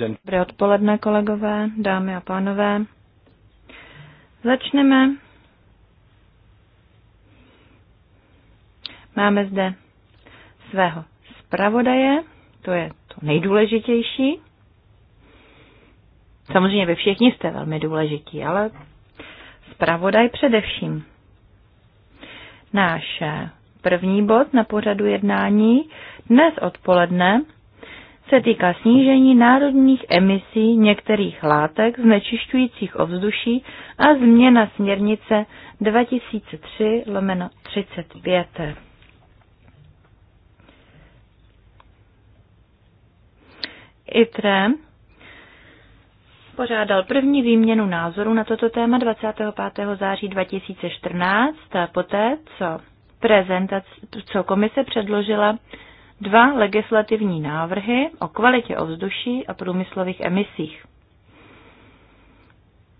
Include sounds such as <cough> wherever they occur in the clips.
Dobré odpoledne, kolegové, dámy a pánové. Začneme. Máme zde svého zpravodaje, to je to nejdůležitější. Samozřejmě vy všichni jste velmi důležití, ale zpravodaj především. Náš eh, první bod na pořadu jednání dnes odpoledne se týká snížení národních emisí některých látek znečišťujících ovzduší a změna směrnice 2003 35. ITRE pořádal první výměnu názoru na toto téma 25. září 2014, poté co, prezentac, co komise předložila dva legislativní návrhy o kvalitě ovzduší a průmyslových emisích.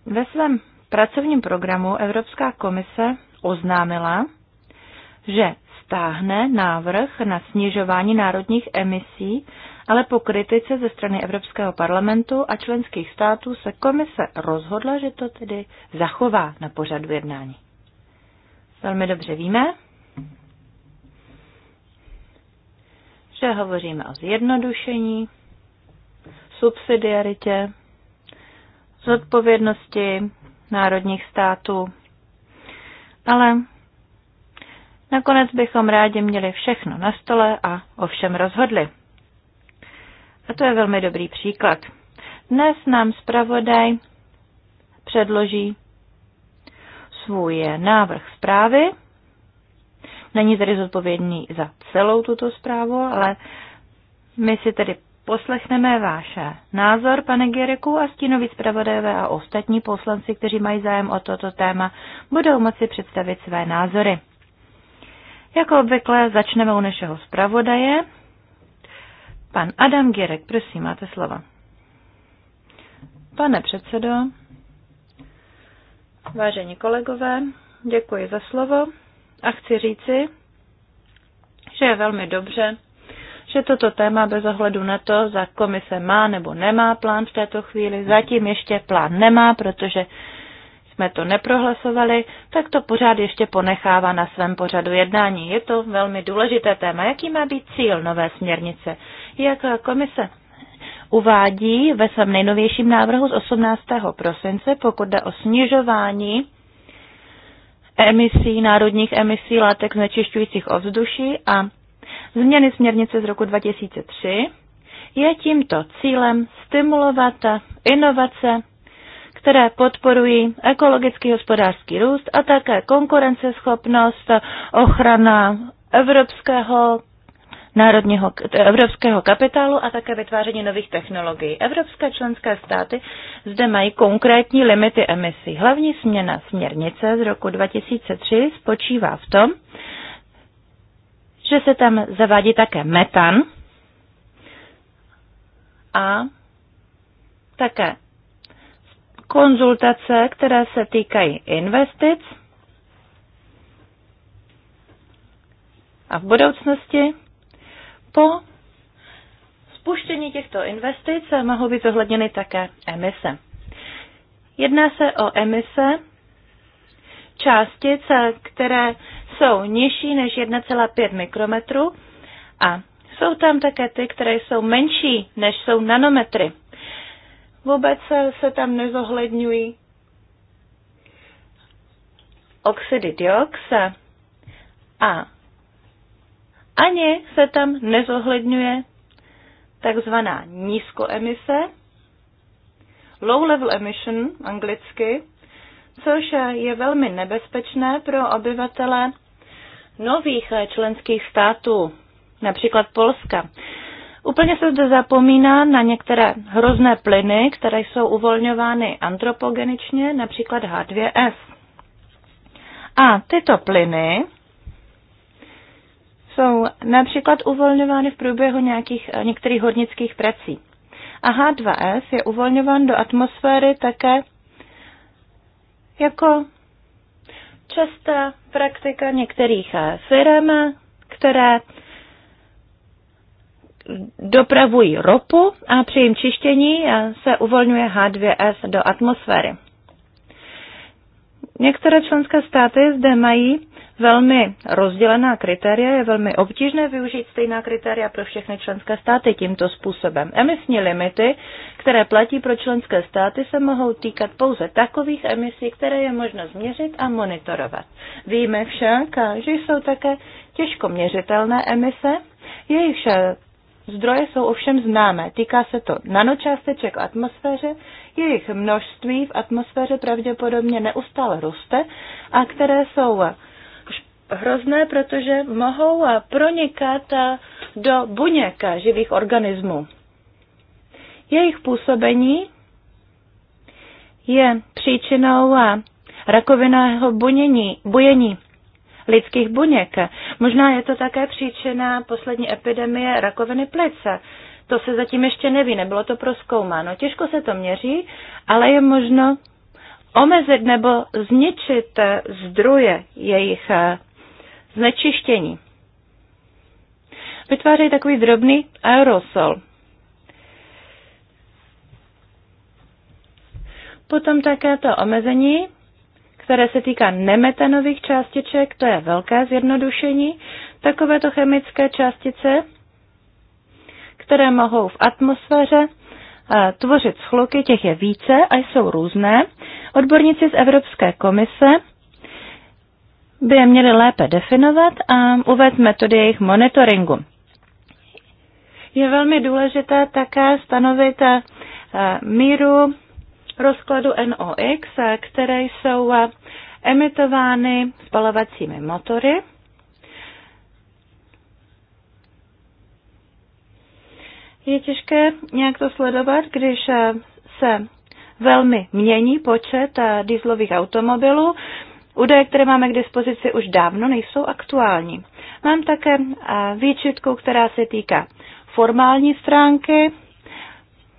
Ve svém pracovním programu Evropská komise oznámila, že stáhne návrh na snižování národních emisí, ale po kritice ze strany Evropského parlamentu a členských států se komise rozhodla, že to tedy zachová na pořadu jednání. Velmi dobře víme, že hovoříme o zjednodušení, subsidiaritě, zodpovědnosti národních států, ale nakonec bychom rádi měli všechno na stole a o všem rozhodli. A to je velmi dobrý příklad. Dnes nám zpravodaj předloží svůj návrh zprávy Není tedy zodpovědný za celou tuto zprávu, ale my si tedy poslechneme váš názor, pane Gereku, a stínoví zpravodajové a ostatní poslanci, kteří mají zájem o toto téma, budou moci představit své názory. Jako obvykle začneme u našeho zpravodaje. Pan Adam Gerek, prosím, máte slovo. Pane předsedo, vážení kolegové, děkuji za slovo. A chci říci, že je velmi dobře, že toto téma bez ohledu na to, za komise má nebo nemá plán v této chvíli, zatím ještě plán nemá, protože jsme to neprohlasovali, tak to pořád ještě ponechává na svém pořadu jednání. Je to velmi důležité téma. Jaký má být cíl nové směrnice? Jak komise uvádí ve svém nejnovějším návrhu z 18. prosince, pokud jde o snižování emisí, národních emisí látek znečišťujících ovzduší a změny směrnice z roku 2003 je tímto cílem stimulovat inovace, které podporují ekologický hospodářský růst a také konkurenceschopnost, ochrana evropského národního, evropského kapitálu a také vytváření nových technologií. Evropské členské státy zde mají konkrétní limity emisí. Hlavní změna směrnice z roku 2003 spočívá v tom, že se tam zavádí také metan a také konzultace, které se týkají investic a v budoucnosti po spuštění těchto investic mohou být zohledněny také emise. Jedná se o emise částic, které jsou nižší než 1,5 mikrometru a jsou tam také ty, které jsou menší než jsou nanometry. Vůbec se tam nezohledňují oxidy dioxa a ani se tam nezohledňuje takzvaná nízkoemise, low level emission anglicky, což je velmi nebezpečné pro obyvatele nových členských států, například Polska. Úplně se zde zapomíná na některé hrozné plyny, které jsou uvolňovány antropogeničně, například H2S. A tyto plyny jsou například uvolňovány v průběhu nějakých, eh, některých hornických prací. A H2S je uvolňován do atmosféry také jako častá praktika některých eh, firm, které dopravují ropu a při jejím čištění eh, se uvolňuje H2S do atmosféry. Některé členské státy zde mají velmi rozdělená kritéria, je velmi obtížné využít stejná kritéria pro všechny členské státy tímto způsobem. Emisní limity, které platí pro členské státy, se mohou týkat pouze takových emisí, které je možno změřit a monitorovat. Víme však, že jsou také těžko měřitelné emise, jejich eh, Zdroje jsou ovšem známé. Týká se to nanočásteček v atmosféře, jejich množství v atmosféře pravděpodobně neustále roste a které jsou eh, hrozné, protože mohou eh, pronikat eh, do buněk eh, živých organismů. Jejich působení je příčinou rakovinného bunění, bujení lidských buněk. Možná je to také příčina poslední epidemie rakoviny plece. To se zatím ještě neví, nebylo to proskoumáno. Těžko se to měří, ale je možno omezit nebo zničit zdroje jejich znečištění. Vytvářejí takový drobný aerosol. Potom také to omezení, které se týká nemetanových částiček, to je velké zjednodušení. Takovéto chemické částice, které mohou v atmosféře eh, tvořit schluky, těch je více a jsou různé. Odborníci z Evropské komise by je měli lépe definovat a uvést metody jejich monitoringu. Je velmi důležité také stanovit eh, míru rozkladu NOx, eh, které jsou eh, emitovány spalovacími motory. Je těžké nějak to sledovat, když se velmi mění počet dýzlových automobilů. Údaje, které máme k dispozici, už dávno nejsou aktuální. Mám také eh, výčitku, která se týká formální stránky,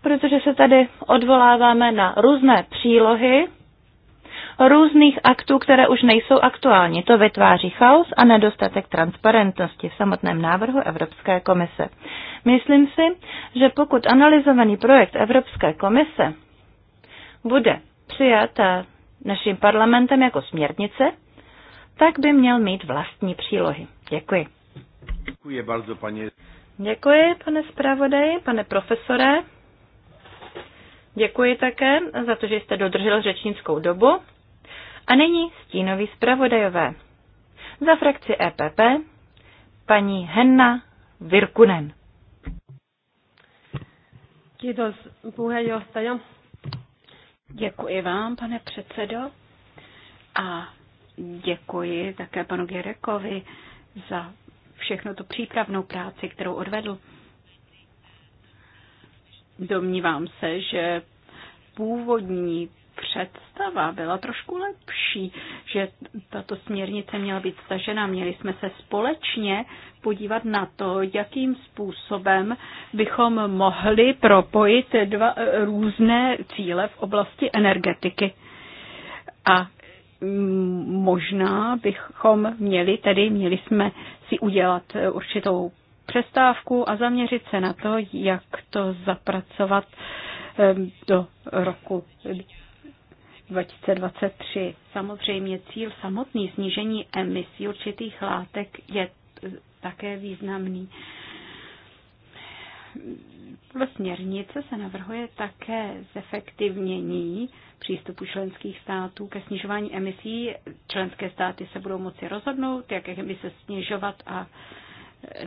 protože se tady odvoláváme na různé přílohy různých aktů, které už nejsou aktuální. To vytváří chaos a nedostatek transparentnosti v samotném návrhu Evropské komise. Myslím si, že pokud analyzovaný projekt Evropské komise bude přijat eh, naším parlamentem jako směrnice, tak by měl mít vlastní přílohy. Děkuji. Děkuji bardzo, paní. Děkuji, pane zpravodaji, pane profesore. Děkuji také za to, že jste dodržel řečnickou dobu. A nyní stínový zpravodajové. Za frakci EPP paní Henna Virkunen. Kiitos puheenjohtaja. Děkuji vám, pane předsedo, a děkuji také panu Gerekovi za všechno tu přípravnou práci, kterou odvedl. Domnívám se, že původní představa byla trošku lepší, že tato směrnice měla být stažena. Měli jsme se společně podívat na to, jakým způsobem bychom mohli propojit dva eh, různé cíle v oblasti energetiky. A mm, možná bychom měli, tedy měli jsme si udělat eh, určitou přestávku a zaměřit se na to, jak to zapracovat eh, do roku 2023. Samozřejmě cíl samotný snížení emisí určitých látek je také významný. Podle směrnice se navrhuje také zefektivnění přístupu členských států ke snižování emisí. Členské státy se budou moci rozhodnout, jaké emise snižovat a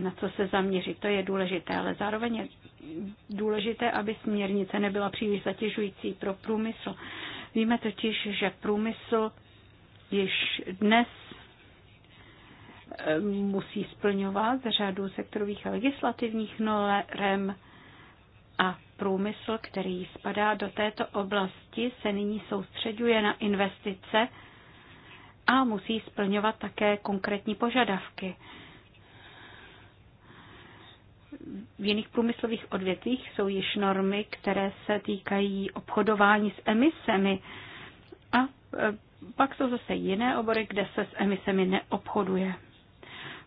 na co se zaměřit. To je důležité, ale zároveň je důležité, aby směrnice nebyla příliš zatěžující pro průmysl. Víme totiž, že průmysl již dnes eh, musí splňovat řadu sektorových a legislativních norem a průmysl, který spadá do této oblasti, se nyní soustředuje na investice a musí splňovat také konkrétní požadavky v jiných průmyslových odvětvích jsou již normy, které se týkají obchodování s emisemi. A e, pak jsou zase jiné obory, kde se s emisemi neobchoduje.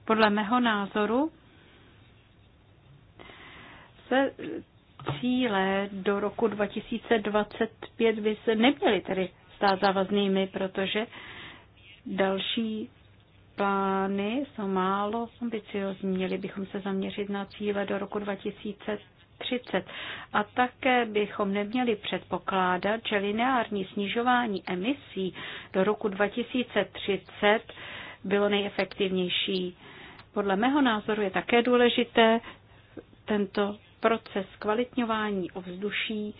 Podle mého názoru se cíle do roku 2025 by se neměly tedy stát závaznými, protože další plány jsou málo ambiciozní. Měli bychom se zaměřit na cíle do roku 2030. A také bychom neměli předpokládat, že lineární snižování emisí do roku 2030 bylo nejefektivnější. Podle mého názoru je také důležité tento proces kvalitňování ovzduší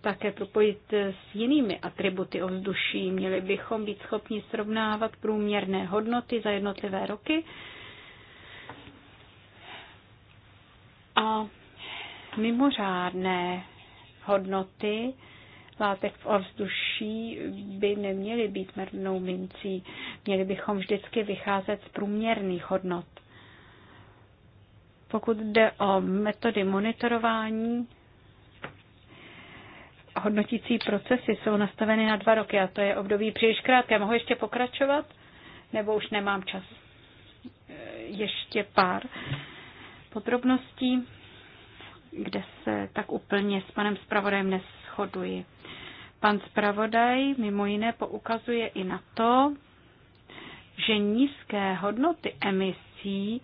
také propojit s jinými atributy ovzduší. Měli bychom být schopni srovnávat průměrné hodnoty za jednotlivé roky. A mimořádné hodnoty látek v ovzduší by neměly být mernou mincí. Měli bychom vždycky vycházet z průměrných hodnot. Pokud jde o metody monitorování, hodnotící procesy jsou nastaveny na dva roky a to je období příliš krátké. Mohu ještě pokračovat? Nebo už nemám čas? Eh, ještě pár podrobností, kde se tak úplně s panem zpravodajem neschoduji. Pan zpravodaj mimo jiné poukazuje i na to, že nízké hodnoty emisí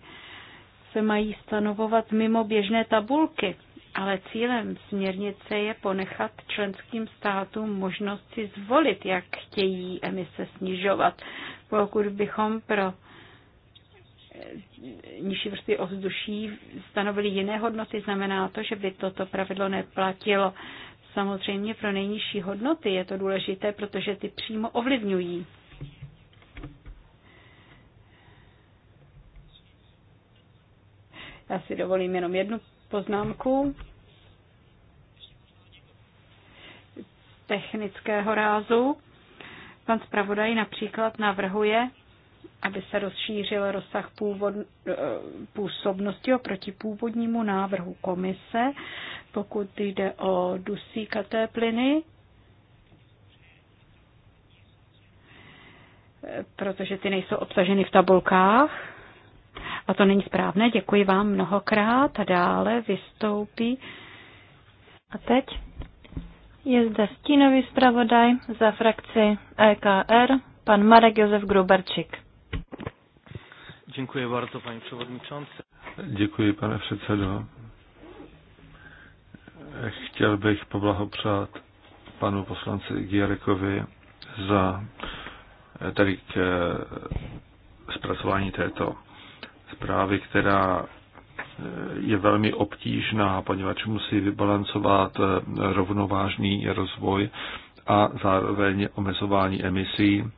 se mají stanovovat mimo běžné tabulky ale cílem směrnice je ponechat členským státům možnost si zvolit, jak chtějí emise snižovat. Pokud bychom pro eh, nižší vrstvy ovzduší stanovili jiné hodnoty, znamená to, že by toto pravidlo neplatilo. Samozřejmě pro nejnižší hodnoty je to důležité, protože ty přímo ovlivňují. Já si dovolím jenom jednu poznámku technického rázu. Pan zpravodaj například navrhuje, aby se rozšířil rozsah původ, eh, působnosti oproti původnímu návrhu komise, pokud jde o dusíkaté plyny, eh, protože ty nejsou obsaženy v tabulkách a to není správné. Děkuji vám mnohokrát a dále vystoupí. A teď je zde stínový zpravodaj za frakci EKR, pan Marek Josef Gruberčík. Děkuji bardzo, paní předsedající. Děkuji, pane předsedo. Chtěl bych poblahopřát panu poslanci Gierekovi za tady k eh, zpracování této zprávy, která eh, je velmi obtížná, poněvadž musí vybalancovat eh, rovnovážný rozvoj a zároveň omezování emisí,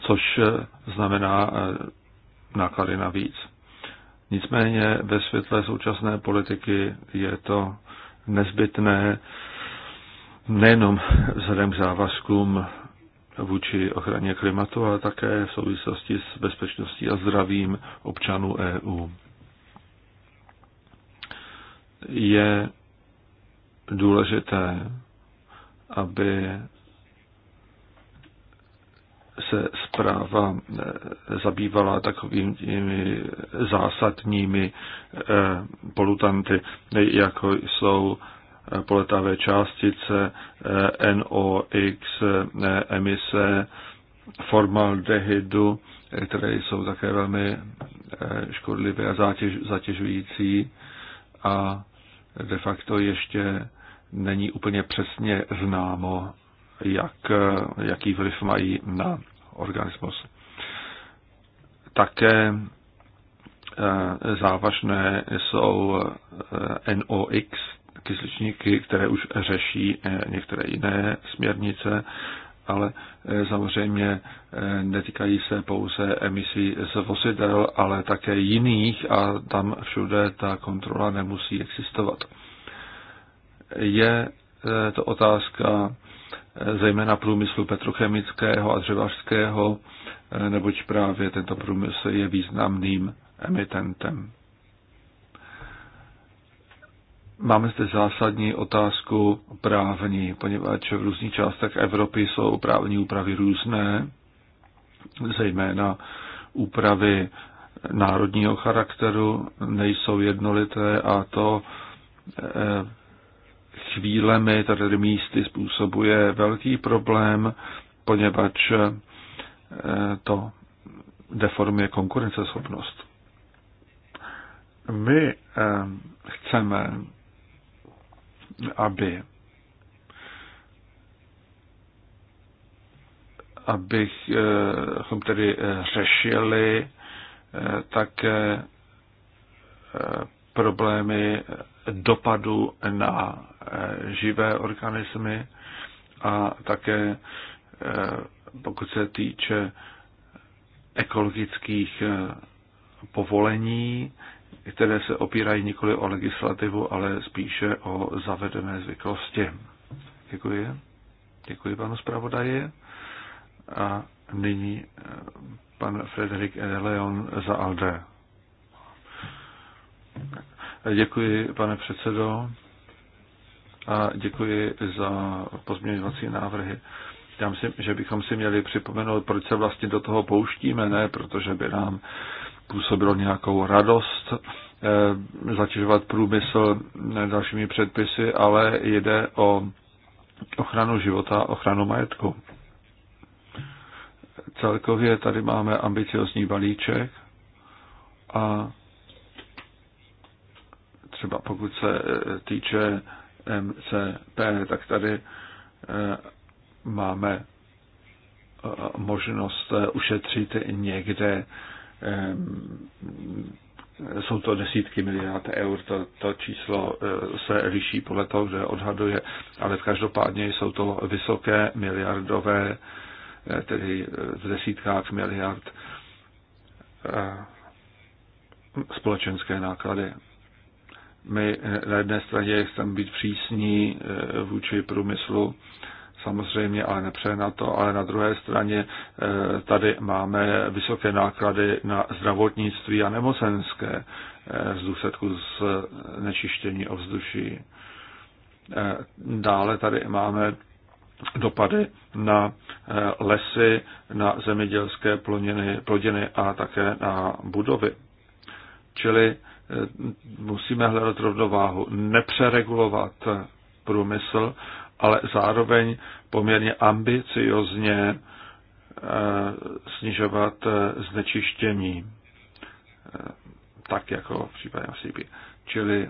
což eh, znamená náklady navíc. Nicméně ve světle současné politiky je to nezbytné nejenom vzhledem k závazkům vůči ochraně klimatu, ale také v souvislosti s bezpečností a zdravím občanů EU. Je důležité, aby se zpráva eh, zabývala takovými zásadními eh, polutanty, jako jsou poletavé částice, eh, NOx, eh, emise formaldehydu, které jsou také velmi eh, škodlivé a zátěž, zatěžující a de facto ještě není úplně přesně známo, jak, jaký vliv mají na organismus. Také závažné jsou NOx, kysličníky, které už řeší eh, některé jiné směrnice, ale eh, samozřejmě eh, netýkají se pouze emisí z vozidel, ale také jiných a tam všude ta kontrola nemusí existovat. Je to otázka zejména průmyslu petrochemického a dřevařského, neboť právě tento průmysl je významným emitentem. Máme zde zásadní otázku právní, poněvadž v různých částech Evropy jsou právní úpravy různé, zejména úpravy národního charakteru nejsou jednolité a to eh, chvílemi, tedy místy, způsobuje velký problém, poněvadž eh, to deformuje konkurenceschopnost. My eh, chceme aby abychom tedy eh, řešili eh, také eh, problémy dopadu na živé organismy a také pokud se týče ekologických povolení, které se opírají nikoli o legislativu, ale spíše o zavedené zvyklosti. Děkuji. Děkuji panu zpravodaji. A nyní eh, pan Frederik e. Leon za ALDE. Děkuji, pane předsedo, a děkuji za pozměňovací návrhy. Já myslím, že bychom si měli připomenout, proč se vlastně do toho pouštíme, ne protože by nám působilo nějakou radost eh, zatěžovat průmysl dalšími předpisy, ale jde o ochranu života, ochranu majetku. Celkově tady máme ambiciozní balíček a třeba pokud se eh, týče eh, MCP, tak tady máme možnost ušetřit někde Ehm, jsou to desítky miliard eur, to, to číslo eh, se liší podle toho, kde odhaduje, ale v každopádně jsou to vysoké miliardové, eh, tedy eh, v desítkách miliard společenské náklady. My na jedné straně chceme být přísní vůči průmyslu, samozřejmě, ale nepřeje na to, ale na druhé straně eh, tady máme vysoké náklady na zdravotnictví a nemocenské eh, z důsledku z eh, nečištění ovzduší. Dále tady máme dopady na lesy, na zemědělské plodiny, plodiny a také na budovy. Čili musíme hledat rovnováhu, nepřeregulovat průmysl, ale zároveň poměrně ambiciozně eh, snižovat eh, znečištění, eh, tak jako v případě CP. Čili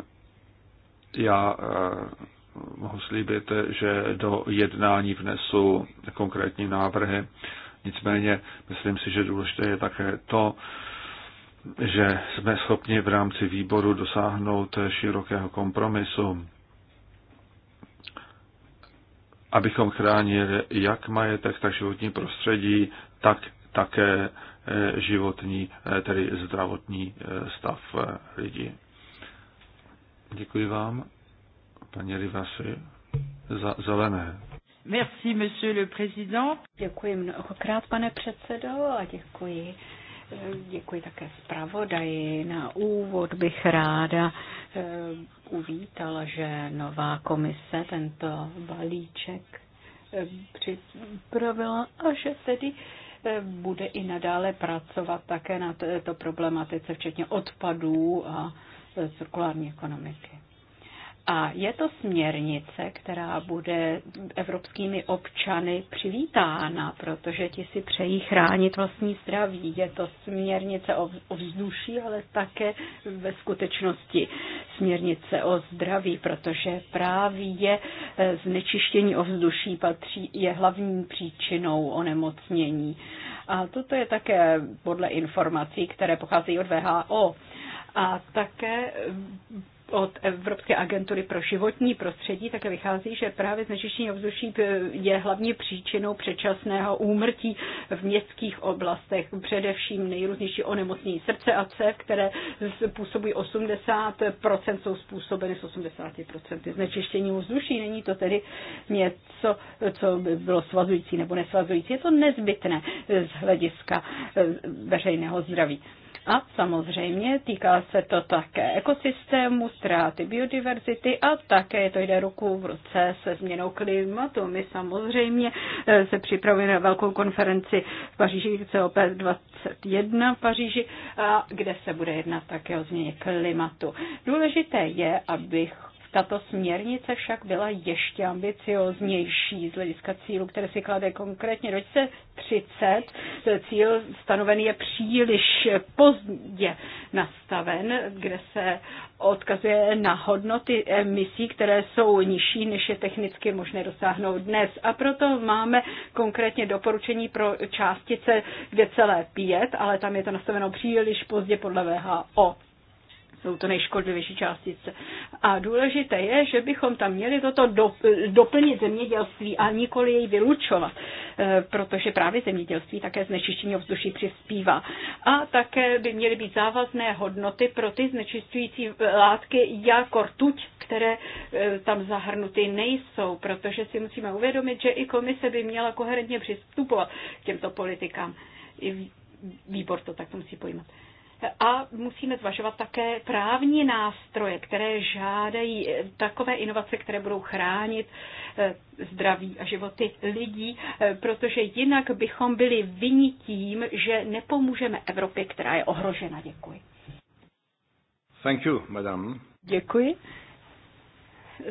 já mohu slíbit, že do jednání vnesu konkrétní návrhy. Nicméně myslím si, že důležité je také to, že jsme schopni v rámci výboru dosáhnout širokého kompromisu abychom chránili jak majetek, tak životní prostředí, tak také eh, životní, eh, tedy zdravotní eh, stav lidí. Děkuji vám, paní Rivasi, za zelené. Merci, monsieur le président. Děkuji mnohokrát, pane předsedo, a děkuji Děkuji také zpravodaji. Na úvod bych ráda eh, uvítala, že nová komise tento balíček eh, připravila a že tedy eh, bude i nadále pracovat také na této problematice, včetně odpadů a cirkulární ekonomiky. A je to směrnice, která bude evropskými občany přivítána, protože ti si přejí chránit vlastní zdraví. Je to směrnice o vzduší, ale také ve skutečnosti směrnice o zdraví, protože právě eh, znečištění ovzduší patří, je hlavní příčinou onemocnění. A toto je také podle informací, které pocházejí od VHO. A také od Evropské agentury pro životní prostředí také vychází, že právě znečištění ovzduší je hlavně příčinou předčasného úmrtí v městských oblastech, především nejrůznější onemocnění srdce a cév, které způsobují 80%, jsou způsobeny z 80% znečištění ovzduší. Není to tedy něco, co by bylo svazující nebo nesvazující. Je to nezbytné z hlediska eh, veřejného zdraví. A samozřejmě týká se to také ekosystému, ztráty biodiverzity a také to jde ruku v ruce se změnou klimatu. My samozřejmě eh, se připravujeme na velkou konferenci v Paříži COP21 v Paříži, kde se bude jednat také o změně klimatu. Důležité je, abych tato směrnice však byla ještě ambicioznější z hlediska cílu, které si klade konkrétně do 30. Cíl stanovený je příliš pozdě nastaven, kde se odkazuje na hodnoty emisí, které jsou nižší, než je technicky možné dosáhnout dnes. A proto máme konkrétně doporučení pro částice, 2,5, ale tam je to nastaveno příliš pozdě podle VHO jsou to nejškodlivější částice. A důležité je, že bychom tam měli toto doplnit zemědělství a nikoli jej vylučovat, e, protože právě zemědělství také znečištění ovzduší přispívá. A také by měly být závazné hodnoty pro ty znečistující látky jako rtuť, které e, tam zahrnuty nejsou, protože si musíme uvědomit, že i komise by měla koherentně přistupovat k těmto politikám. I výbor to tak musí pojímat. A musíme zvažovat také právní nástroje, které žádají eh, takové inovace, které budou chránit eh, zdraví a životy lidí, eh, protože jinak bychom byli vyni tím, že nepomůžeme Evropě, která je ohrožena. Děkuji. Thank you, madam. Děkuji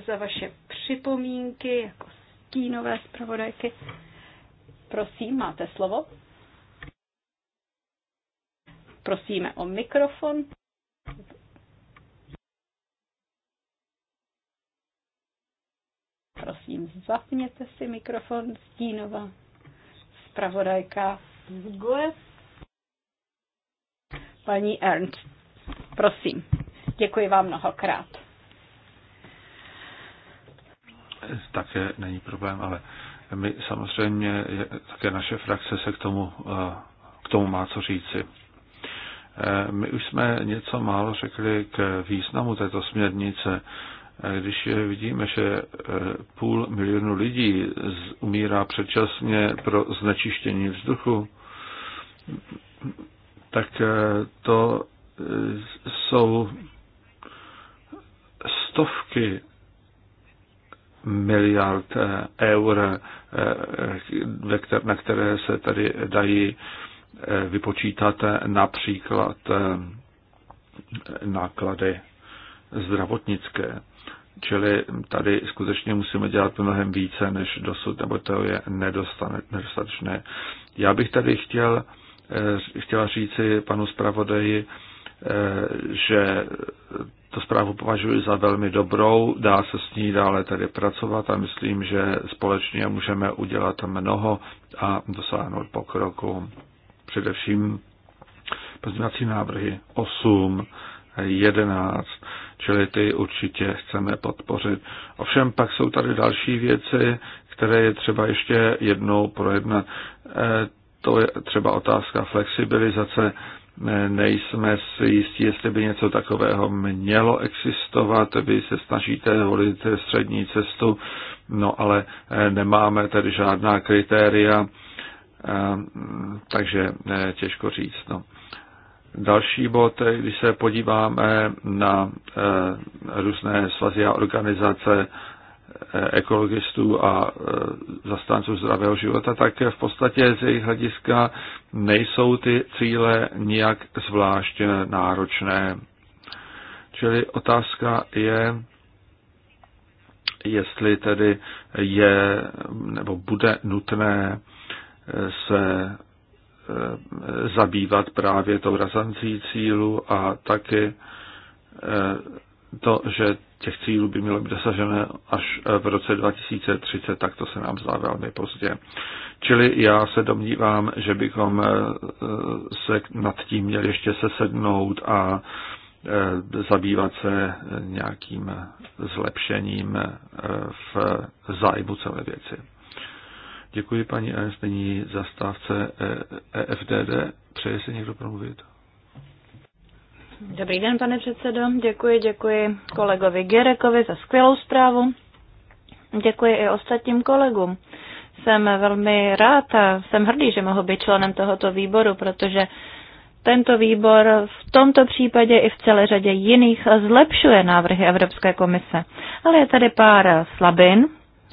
za vaše připomínky jako stínové zpravodajky. Prosím, máte slovo. Prosíme o mikrofon. Prosím, zapněte si mikrofon Stínova, zpravodajka z GUE. Paní Ernst, prosím. Děkuji vám mnohokrát. Také není problém, ale my samozřejmě, také naše frakce se k tomu, eh, k tomu má co říci. My už jsme něco málo řekli k významu této směrnice. Když vidíme, že eh, půl milionu lidí umírá předčasně pro znečištění vzduchu, tak eh, to eh, jsou stovky miliard eur, na které se tady dají Eh, vypočítat například eh, náklady zdravotnické. Čili tady skutečně musíme dělat mnohem více než dosud, nebo to je nedostatečné. Já bych tady chtěl, eh, chtěla říci panu zpravodaji, že to zprávu považuji za velmi dobrou, dá se s ní dále tady pracovat a myslím, že společně můžeme udělat mnoho a dosáhnout pokroku především pozměňovací návrhy 8, 11, čili ty určitě chceme podpořit. Ovšem pak jsou tady další věci, které je třeba ještě jednou projednat. E, to je třeba otázka flexibilizace. E, nejsme si jistí, jestli by něco takového mělo existovat. Vy se snažíte volit střední cestu, no ale e, nemáme tedy žádná kritéria Eh, takže eh, těžko říct. No. Další bod, eh, když se podíváme na různé svazy a organizace ekologistů a zastánců zdravého života, tak v podstatě z jejich hlediska nejsou ty cíle nijak zvlášť náročné. Čili otázka je, jestli tedy je nebo bude nutné se eh, zabývat právě tou razancí cílu a taky eh, to, že těch cílů by mělo být dosaženo až eh, v roce 2030, tak to se nám zdá velmi pozdě. Čili já se domnívám, že bychom se nad tím měli ještě sesednout a zabývat se nějakým zlepšením v zájmu celé věci. Děkuji paní Ernst, nyní zastávce EFDD. Eh, e Přeje si někdo promluvit? Dobrý den, pane předsedo. Děkuji, děkuji kolegovi Gerekovi za skvělou zprávu. Děkuji i ostatním kolegům. Jsem velmi rád a jsem hrdý, že mohu být členem tohoto výboru, protože tento výbor v tomto případě i v celé řadě jiných zlepšuje návrhy Evropské komise. Ale je tady pár slabin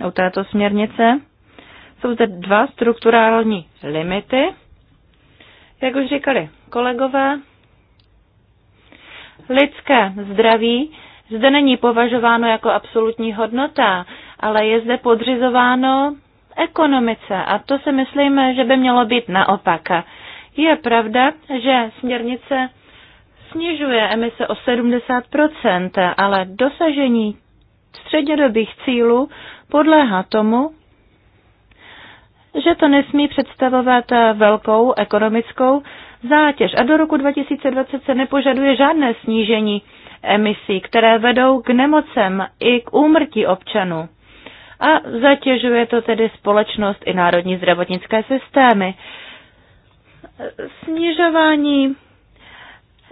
u této směrnice. Jsou zde dva strukturální limity, jak už říkali kolegové. Lidské zdraví zde není považováno jako absolutní hodnota, ale je zde podřizováno ekonomice a to si myslím, že by mělo být naopak. Je pravda, že směrnice snižuje emise o 70 ale dosažení střednědobých cílů podléhá tomu, že to nesmí představovat eh, velkou ekonomickou zátěž. A do roku 2020 se nepožaduje žádné snížení emisí, které vedou k nemocem i k úmrtí občanů. A zatěžuje to tedy společnost i národní zdravotnické systémy. Snižování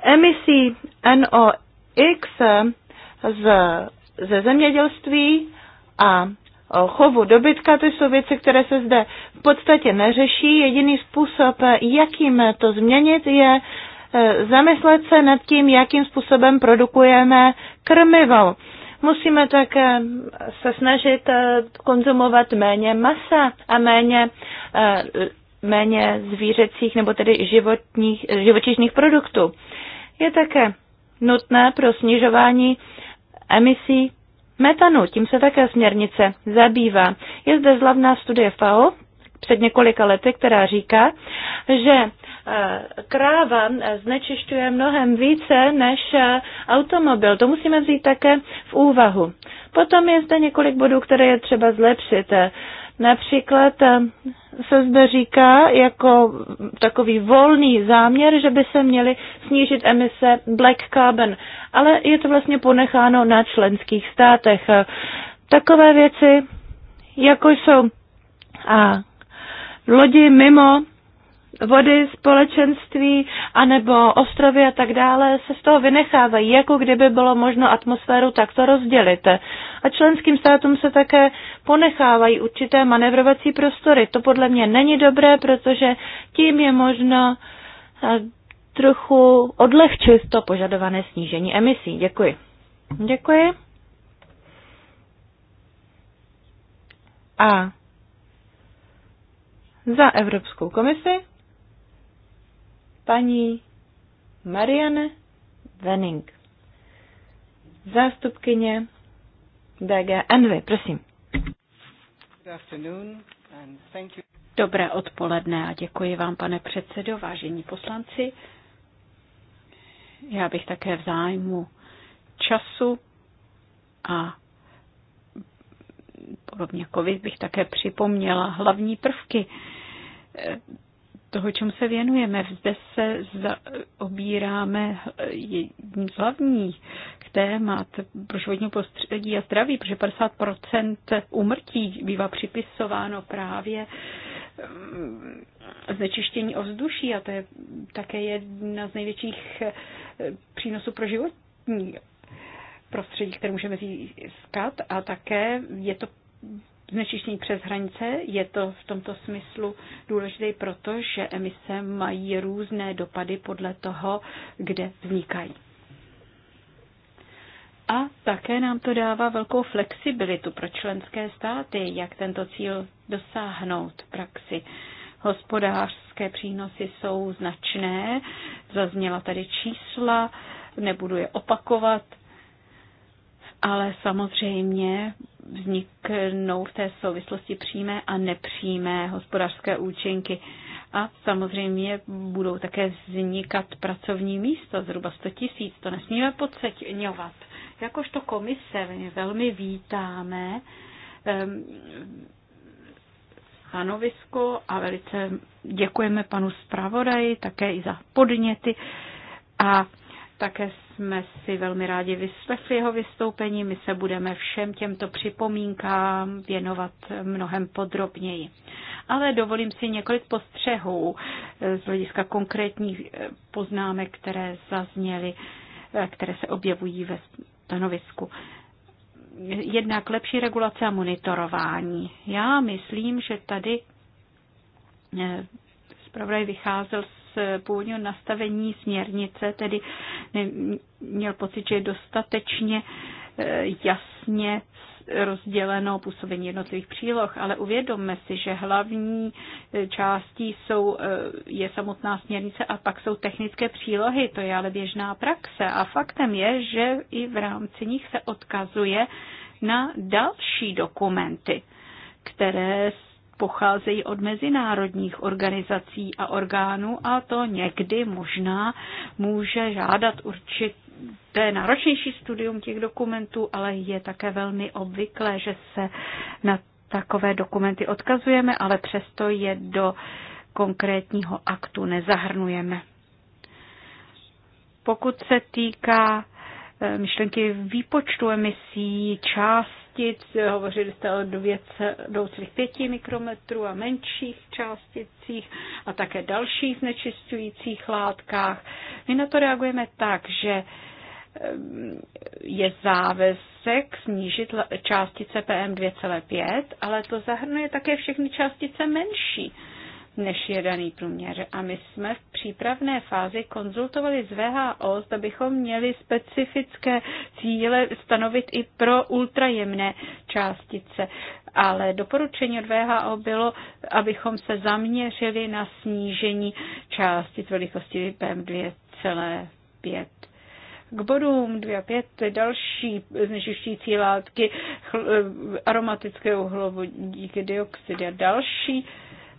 emisí NOx z, ze zemědělství a Eh, chovu dobytka, to jsou věci, které se zde v podstatě neřeší. Jediný způsob, jakým to změnit, je eh, zamyslet se nad tím, jakým způsobem produkujeme krmivo. Musíme také se snažit eh, konzumovat méně masa a méně, méně zvířecích nebo tedy životních, živočišných produktů. Je také nutné pro snižování emisí metanu, tím se také směrnice zabývá. Je zde zlavná studie FAO před několika lety, která říká, že eh, kráva eh, znečišťuje mnohem více než eh, automobil. To musíme vzít také v úvahu. Potom je zde několik bodů, které je třeba zlepšit. Například eh, se zde říká jako takový volný záměr, že by se měly snížit emise black carbon, ale je to vlastně ponecháno na členských státech. Takové věci, jako jsou a lodi mimo vody, společenství, anebo ostrovy a tak dále se z toho vynechávají, jako kdyby bylo možno atmosféru takto rozdělit. A členským státům se také ponechávají určité manevrovací prostory. To podle mě není dobré, protože tím je možno eh, trochu odlehčit to požadované snížení emisí. Děkuji. Děkuji. A za Evropskou komisi paní Marianne Wenning, zástupkyně DG Envy. Prosím. Dobré odpoledne a děkuji vám, pane předsedo, vážení poslanci. Já bych také v zájmu času a podobně jako bych také připomněla hlavní prvky toho, čemu se věnujeme. Zde se obíráme jedním z hlavních témat pro životní prostředí a zdraví, protože 50% úmrtí bývá připisováno právě mm, znečištění ovzduší a to je také jedna z největších eh, přínosů pro životní prostředí, které můžeme získat a také je to znečištění přes hranice. Je to v tomto smyslu důležité, protože emise mají různé dopady podle toho, kde vznikají. A také nám to dává velkou flexibilitu pro členské státy, jak tento cíl dosáhnout v praxi. Hospodářské přínosy jsou značné, zazněla tady čísla, nebudu je opakovat, ale samozřejmě vzniknou v té souvislosti přímé a nepřímé hospodářské účinky. A samozřejmě budou také vznikat pracovní místa, zhruba 100 tisíc, to nesmíme podceňovat. Jakožto komise my velmi vítáme ehm, stanovisko a velice děkujeme panu zpravodaji také i za podněty a také jsme si velmi rádi vyslechli jeho vystoupení. My se budeme všem těmto připomínkám věnovat mnohem podrobněji. Ale dovolím si několik postřehů eh, z hlediska konkrétních eh, poznámek, které zazněly, eh, které se objevují ve stanovisku jednak lepší regulace a monitorování. Já myslím, že tady zpravodaj vycházel z původního nastavení směrnice, tedy měl pocit, že je dostatečně eh, jasně rozděleno působení jednotlivých příloh, ale uvědomme si, že hlavní eh, částí jsou, eh, je samotná směrnice a pak jsou technické přílohy, to je ale běžná praxe a faktem je, že i v rámci nich se odkazuje na další dokumenty, které pocházejí od mezinárodních organizací a orgánů a to někdy možná může žádat určit to je náročnější studium těch dokumentů, ale je také velmi obvyklé, že se na takové dokumenty odkazujeme, ale přesto je do konkrétního aktu nezahrnujeme. Pokud se týká Eh, myšlenky výpočtu emisí, částic, eh, hovořili jste o 2,5 mikrometrů a menších částicích a také dalších znečistujících látkách. My na to reagujeme tak, že eh, je závesek snížit částice PM2,5, ale to zahrnuje také všechny částice menší než je daný průměr. A my jsme v přípravné fázi konzultovali s VHO, zda bychom měli specifické cíle stanovit i pro ultrajemné částice. Ale doporučení od VHO bylo, abychom se zaměřili na snížení částic velikosti PM2,5 k bodům 2 a 5 další znečišťující látky, eh, aromatické uhlovodíky, dioxidy a další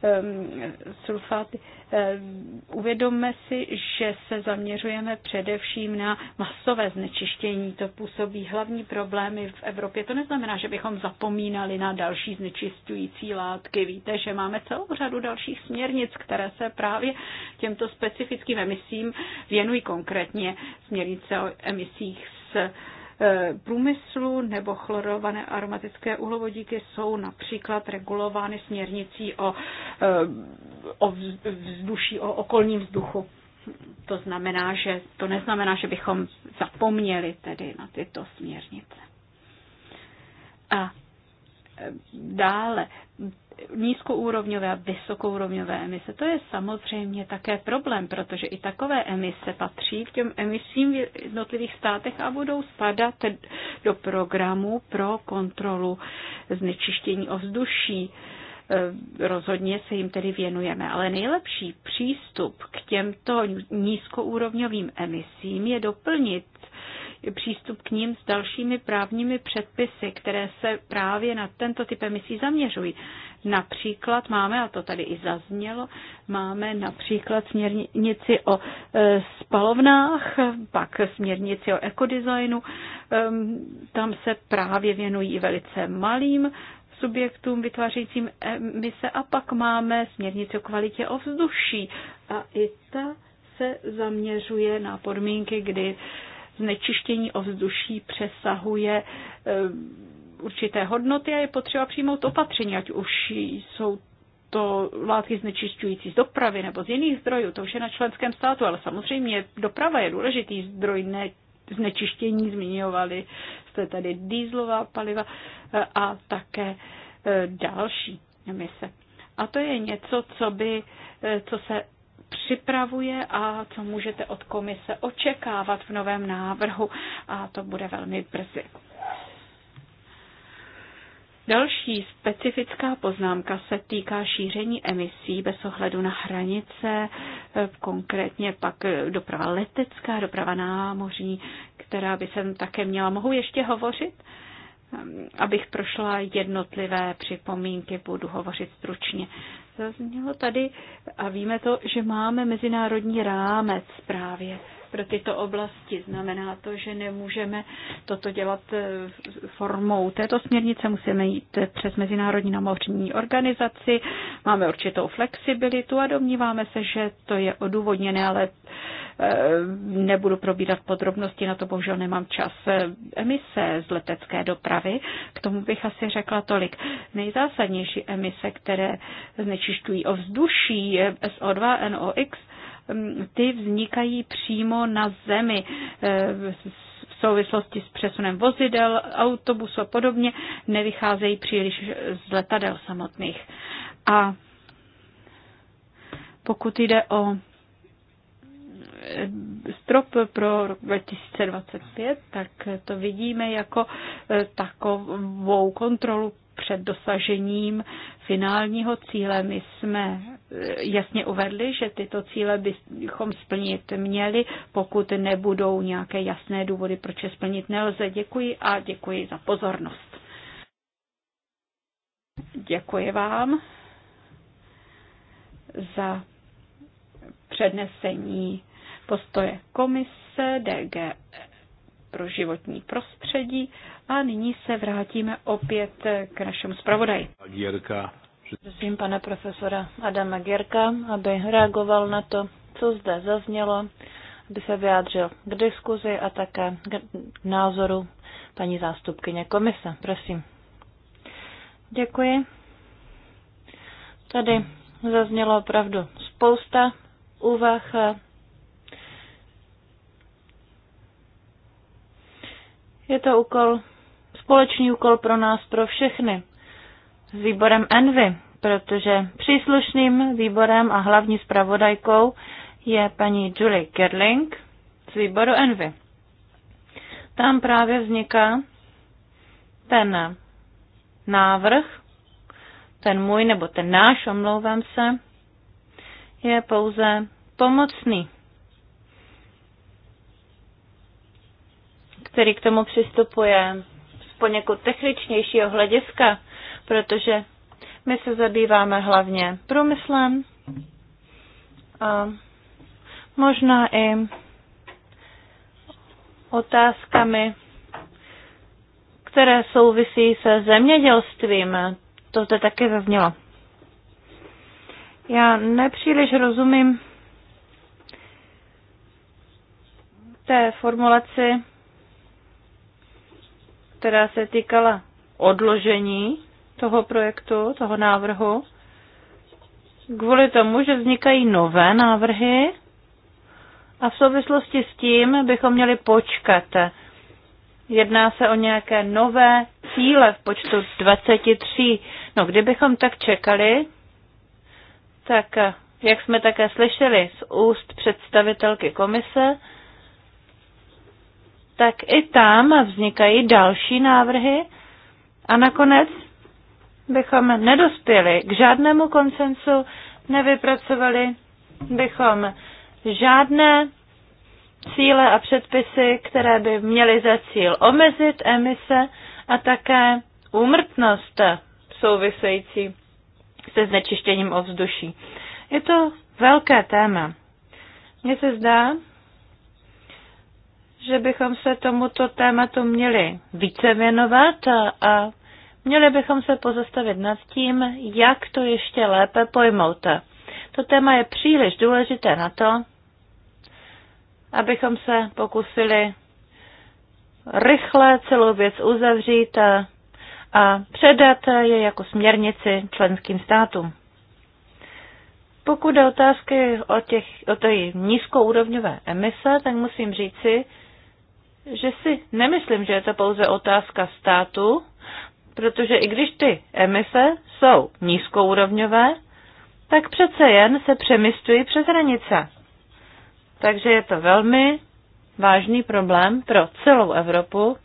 Ehm, sulfáty. Ehm, uvědomme si, že se zaměřujeme především na masové znečištění. To působí hlavní problémy v Evropě. To neznamená, že bychom zapomínali na další znečistující látky. Víte, že máme celou řadu dalších směrnic, které se právě těmto specifickým emisím věnují konkrétně směrnice o emisích s E, průmyslu nebo chlorované aromatické uhlovodíky jsou například regulovány směrnicí o, e, o vzduší, o okolním vzduchu. To znamená, že to neznamená, že bychom zapomněli tedy na tyto směrnice. A e, dále nízkoúrovňové a vysokoúrovňové emise. To je samozřejmě také problém, protože i takové emise patří k těm emisím v jednotlivých státech a budou spadat do programu pro kontrolu znečištění ovzduší e, rozhodně se jim tedy věnujeme. Ale nejlepší přístup k těmto nízkoúrovňovým emisím je doplnit přístup k ním s dalšími právními předpisy, které se právě na tento typ emisí zaměřují. Například máme, a to tady i zaznělo, máme například směrnici o e, spalovnách, pak směrnici o ekodesignu. Ehm, tam se právě věnují velice malým subjektům vytvářejícím emise a pak máme směrnici o kvalitě ovzduší a i ta se zaměřuje na podmínky, kdy znečištění ovzduší přesahuje ehm, určité hodnoty a je potřeba přijmout opatření, ať už jsou to látky znečišťující z dopravy nebo z jiných zdrojů, to už je na členském státu, ale samozřejmě doprava je důležitý zdroj ne, znečištění, zmiňovali jste tady dýzlová paliva eh, a také eh, další emise. A to je něco, co, by, eh, co se připravuje a co můžete od komise očekávat v novém návrhu a to bude velmi brzy. Další specifická poznámka se týká šíření emisí bez ohledu na hranice, konkrétně pak doprava letecká, doprava námořní, která by sem také měla. Mohu ještě hovořit? Abych prošla jednotlivé připomínky, budu hovořit stručně. Zaznělo tady, a víme to, že máme mezinárodní rámec právě pro tyto oblasti. Znamená to, že nemůžeme toto dělat eh, formou této směrnice, musíme jít přes Mezinárodní námořní organizaci, máme určitou flexibilitu a domníváme se, že to je odůvodněné, ale eh, nebudu probírat podrobnosti, na to bohužel nemám čas. Emise z letecké dopravy, k tomu bych asi řekla tolik. Nejzásadnější emise, které znečišťují ovzduší SO2, NOx, Ehm, ty vznikají přímo na zemi eh, v souvislosti s přesunem vozidel, autobusu a podobně, nevycházejí příliš z letadel samotných. A pokud jde o eh, strop pro rok 2025, tak to vidíme jako eh, takovou kontrolu před dosažením finálního cíle. My jsme eh, jasně uvedli, že tyto cíle bychom splnit měli, pokud nebudou nějaké jasné důvody, proč je splnit nelze. Děkuji a děkuji za pozornost. Děkuji vám za přednesení postoje komise DG pro životní prostředí a nyní se vrátíme opět k našemu zpravodaji. Jirka. Prosím pana profesora Adama Gerka, aby reagoval na to, co zde zaznělo, aby se vyjádřil k diskuzi a také k názoru paní zástupkyně komise. Prosím. Děkuji. Tady zaznělo opravdu spousta úvah. Je to úkol, společný úkol pro nás, pro všechny s výborem Envy, protože příslušným výborem a hlavní zpravodajkou je paní Julie Gerling z výboru Envy. Tam právě vzniká ten návrh, ten můj nebo ten náš, omlouvám se, je pouze pomocný, který k tomu přistupuje z poněkud techničnějšího hlediska, protože my se zabýváme hlavně průmyslem a možná i otázkami, které souvisí se zemědělstvím. To se také zaznělo. Já nepříliš rozumím té formulaci, která se týkala odložení toho projektu, toho návrhu, kvůli tomu, že vznikají nové návrhy a v souvislosti s tím bychom měli počkat. Jedná se o nějaké nové cíle v počtu 23. No, kdybychom tak čekali, tak jak jsme také slyšeli z úst představitelky komise, tak i tam vznikají další návrhy a nakonec bychom nedospěli k žádnému konsensu, nevypracovali bychom žádné cíle a předpisy, které by měly za cíl omezit emise a také úmrtnost související se znečištěním ovzduší. Je to velké téma. Mně se zdá, že bychom se tomuto tématu měli více věnovat a, a Měli bychom se pozastavit nad tím, jak to ještě lépe pojmout. To téma je příliš důležité na to, abychom se pokusili rychle celou věc uzavřít a, a předat je jako směrnici členským státům. Pokud je otázky o, těch, o té nízkoúrovňové emise, tak musím říci, že si nemyslím, že je to pouze otázka státu, protože i když ty emise jsou nízkourovňové, tak přece jen se přemistují přes hranice. Takže je to velmi vážný problém pro celou Evropu,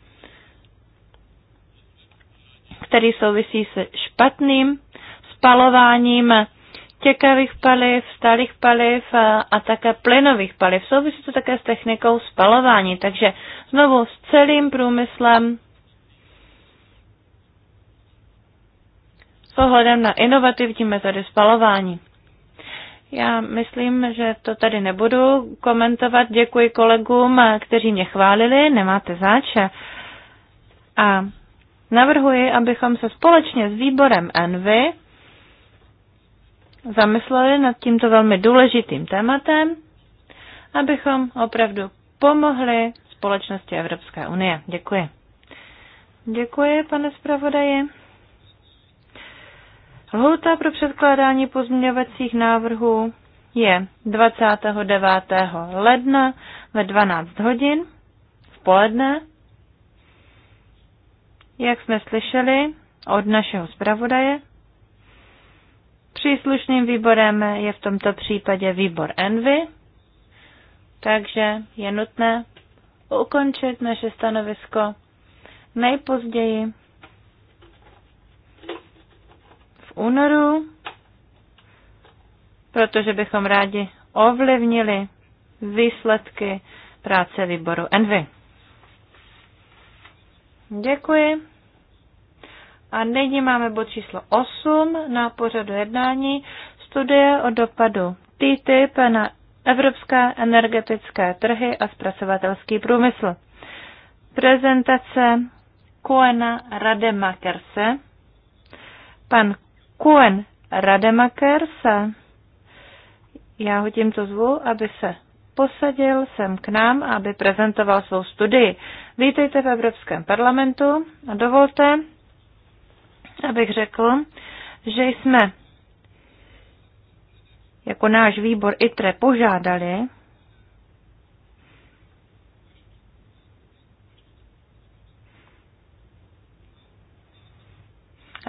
který souvisí se špatným spalováním těkavých paliv, stálých paliv a také plynových paliv. Souvisí to také s technikou spalování, takže znovu s celým průmyslem Pohledem ohledem na inovativní metody spalování. Já myslím, že to tady nebudu komentovat. Děkuji kolegům, kteří mě chválili, nemáte záče. A navrhuji, abychom se společně s výborem Envy zamysleli nad tímto velmi důležitým tématem, abychom opravdu pomohli společnosti Evropské unie. Děkuji. Děkuji, pane zpravodaji. Lhůta pro předkládání pozměňovacích návrhů je 29. ledna ve 12 hodin v poledne. Jak jsme slyšeli od našeho zpravodaje, příslušným výborem je v tomto případě výbor Envy, takže je nutné ukončit naše stanovisko nejpozději únoru, protože bychom rádi ovlivnili výsledky práce výboru Envy. Děkuji. A nyní máme bod číslo 8 na pořadu jednání studie o dopadu TTIP na evropské energetické trhy a zpracovatelský průmysl. Prezentace Koena Rademakerse. Pan Kuen se Já ho tímto zvu, aby se posadil sem k nám, aby prezentoval svou studii. Vítejte v Evropském parlamentu a dovolte, abych řekl, že jsme jako náš výbor ITRE požádali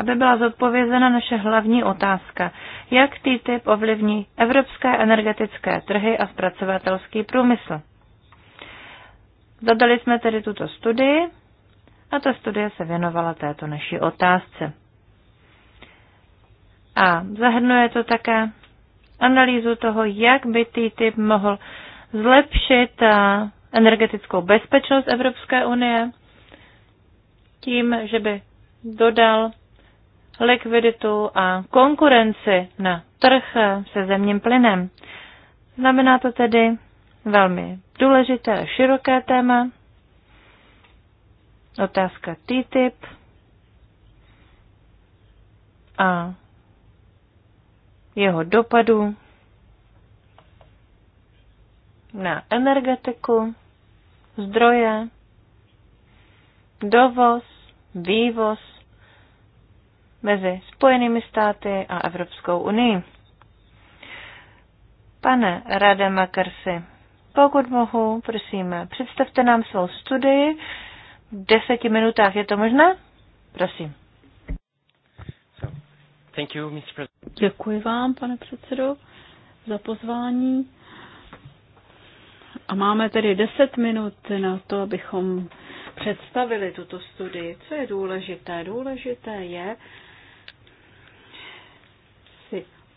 aby byla zodpovězena naše hlavní otázka, jak TTIP ovlivní evropské energetické trhy a zpracovatelský průmysl. Zadali jsme tedy tuto studii a ta studie se věnovala této naší otázce. A zahrnuje to také analýzu toho, jak by TTIP mohl zlepšit energetickou bezpečnost Evropské unie tím, že by dodal likviditu a konkurenci na trh se zemním plynem. Znamená to tedy velmi důležité a široké téma. Otázka TTIP a jeho dopadu na energetiku, zdroje, dovoz, vývoz mezi Spojenými státy a Evropskou unii. Pane Makersi, pokud mohu, prosím, představte nám svou studii. V deseti minutách je to možné? Prosím. Thank you, Mr. Děkuji vám, pane předsedo, za pozvání. A máme tedy deset minut na to, abychom představili tuto studii. Co je důležité? Důležité je,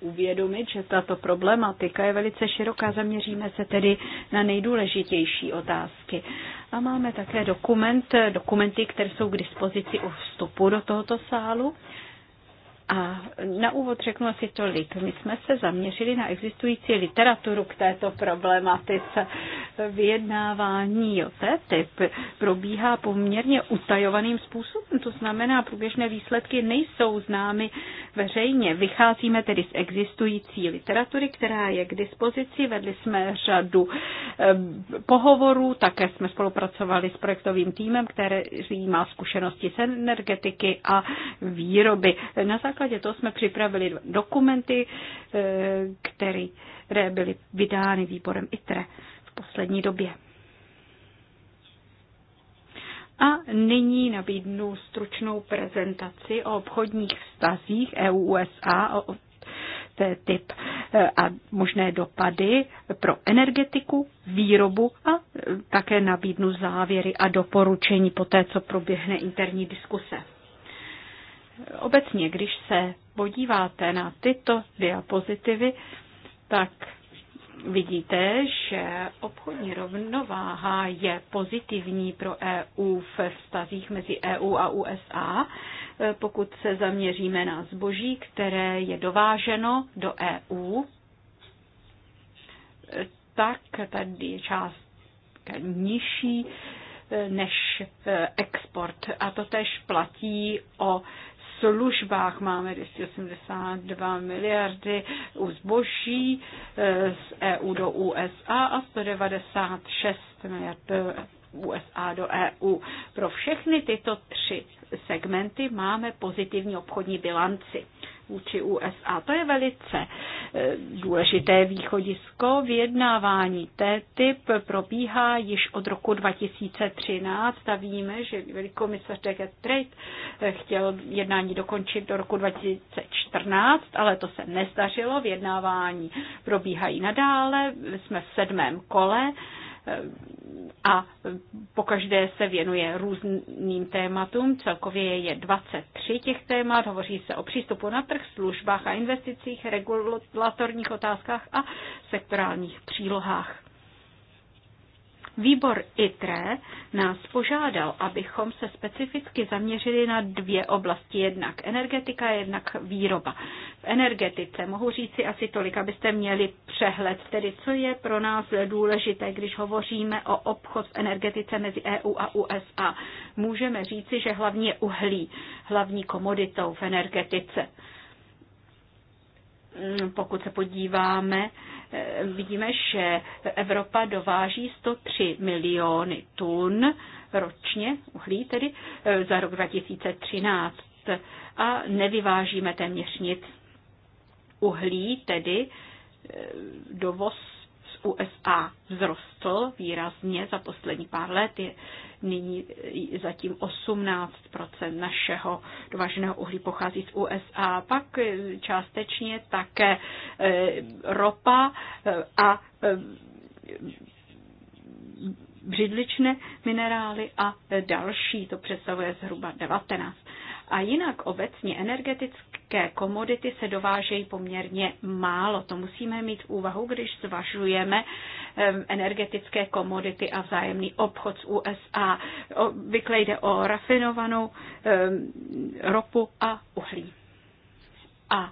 uvědomit, že tato problematika je velice široká. Zaměříme se tedy na nejdůležitější otázky. A máme také dokument, dokumenty, které jsou k dispozici u vstupu do tohoto sálu. A na úvod řeknu asi tolik. My jsme se zaměřili na existující literaturu k této problematice. Vyjednávání o té typ probíhá poměrně utajovaným způsobem, to znamená, průběžné výsledky nejsou známy veřejně. Vycházíme tedy z existující literatury, která je k dispozici. Vedli jsme řadu eh, pohovorů, také jsme spolupracovali s projektovým týmem, který má zkušenosti z energetiky a výroby. Na základě základě toho jsme připravili dokumenty, eh, které byly vydány výborem ITRE v poslední době. A nyní nabídnu stručnou prezentaci o obchodních vztazích EU-USA, o typ eh, a možné dopady pro energetiku, výrobu a eh, také nabídnu závěry a doporučení po té, co proběhne interní diskuse. Obecně, když se podíváte na tyto diapozitivy, tak vidíte, že obchodní rovnováha je pozitivní pro EU v vztazích mezi EU a USA, pokud se zaměříme na zboží, které je dováženo do EU, tak tady je část nižší eh, než eh, export. A to tež platí o službách máme 282 miliardy u zboží eh, z EU do USA a 196 miliard eh, USA do EU. Pro všechny tyto tři segmenty máme pozitivní obchodní bilanci vůči USA. To je velice Eh, důležité východisko. Vyjednávání typ probíhá již od roku 2013 a víme, že velikomisař de Trade eh, chtěl jednání dokončit do roku 2014, ale to se nezdařilo. Vyjednávání probíhají nadále, jsme v sedmém kole eh, a pokaždé se věnuje různým tématům. Celkově je 23 těch témat. Hovoří se o přístupu na trh, službách a investicích, regulatorních otázkách a sektorálních přílohách. Výbor ITRE nás požádal, abychom se specificky zaměřili na dvě oblasti. Jednak energetika, jednak výroba. V energetice mohu říci asi tolik, abyste měli přehled, tedy co je pro nás důležité, když hovoříme o obchod v energetice mezi EU a USA. Můžeme říci, že hlavně je uhlí, hlavní komoditou v energetice. Mm, pokud se podíváme Vidíme, že Evropa dováží 103 miliony tun ročně uhlí, tedy eh, za rok 2013 a nevyvážíme téměř nic. Uhlí tedy eh, dovoz USA vzrostl výrazně za poslední pár let, je nyní zatím 18 našeho dovaženého uhlí pochází z USA, pak částečně také e, ropa e, a e, břidličné minerály a další. To představuje zhruba 19 a jinak obecně energetické komodity se dovážejí poměrně málo. To musíme mít v úvahu, když zvažujeme energetické komodity a vzájemný obchod s USA. Obvykle jde o rafinovanou ropu a uhlí. A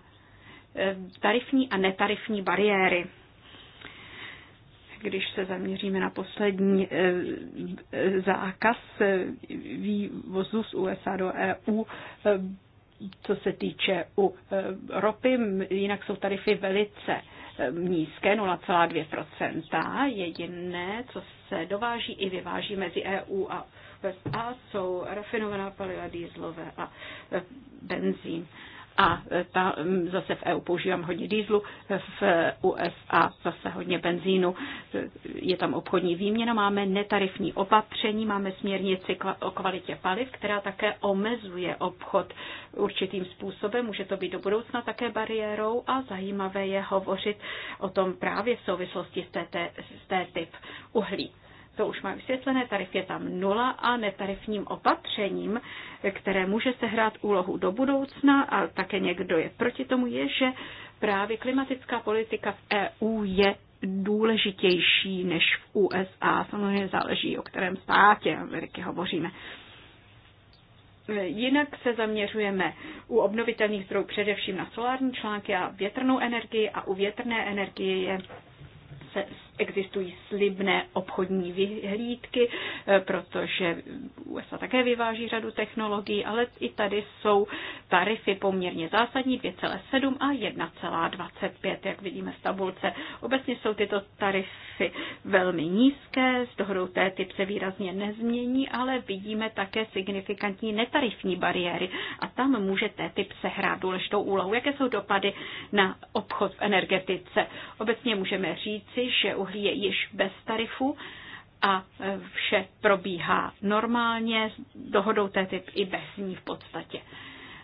tarifní a netarifní bariéry když se zaměříme na poslední eh, zákaz eh, vývozu z USA do EU, eh, co se týče u ropy, jinak jsou tarify velice nízké, 0,2%. Jediné, co se dováží i vyváží mezi EU a USA, jsou rafinovaná paliva, dýzlové a benzín a e, ta, zase v EU používám hodně dýzlu, v USA zase hodně benzínu. Je tam obchodní výměna, máme netarifní opatření, máme směrnici o kvalitě paliv, která také omezuje obchod určitým způsobem. Může to být do budoucna také bariérou a zajímavé je hovořit o tom právě v souvislosti s, té, té, té typ uhlí to už mám vysvětlené, tarif je tam nula a netarifním opatřením, které může sehrát úlohu do budoucna a také někdo je proti tomu, je, že právě klimatická politika v EU je důležitější než v USA. Samozřejmě záleží, o kterém státě Ameriky hovoříme. Jinak se zaměřujeme u obnovitelných zdrojů především na solární články a větrnou energii a u větrné energie je se existují slibné obchodní vyhlídky, eh, protože USA také vyváží řadu technologií, ale i tady jsou tarify poměrně zásadní 2,7 a 1,25, jak vidíme z tabulce. Obecně jsou tyto tarify velmi nízké, s dohodou té typ se výrazně nezmění, ale vidíme také signifikantní netarifní bariéry a tam může té typ sehrát důležitou úlohu. Jaké jsou dopady na obchod v energetice? Obecně můžeme říci, že u druhý je již bez tarifu a e, vše probíhá normálně, dohodou typ i bez ní v podstatě.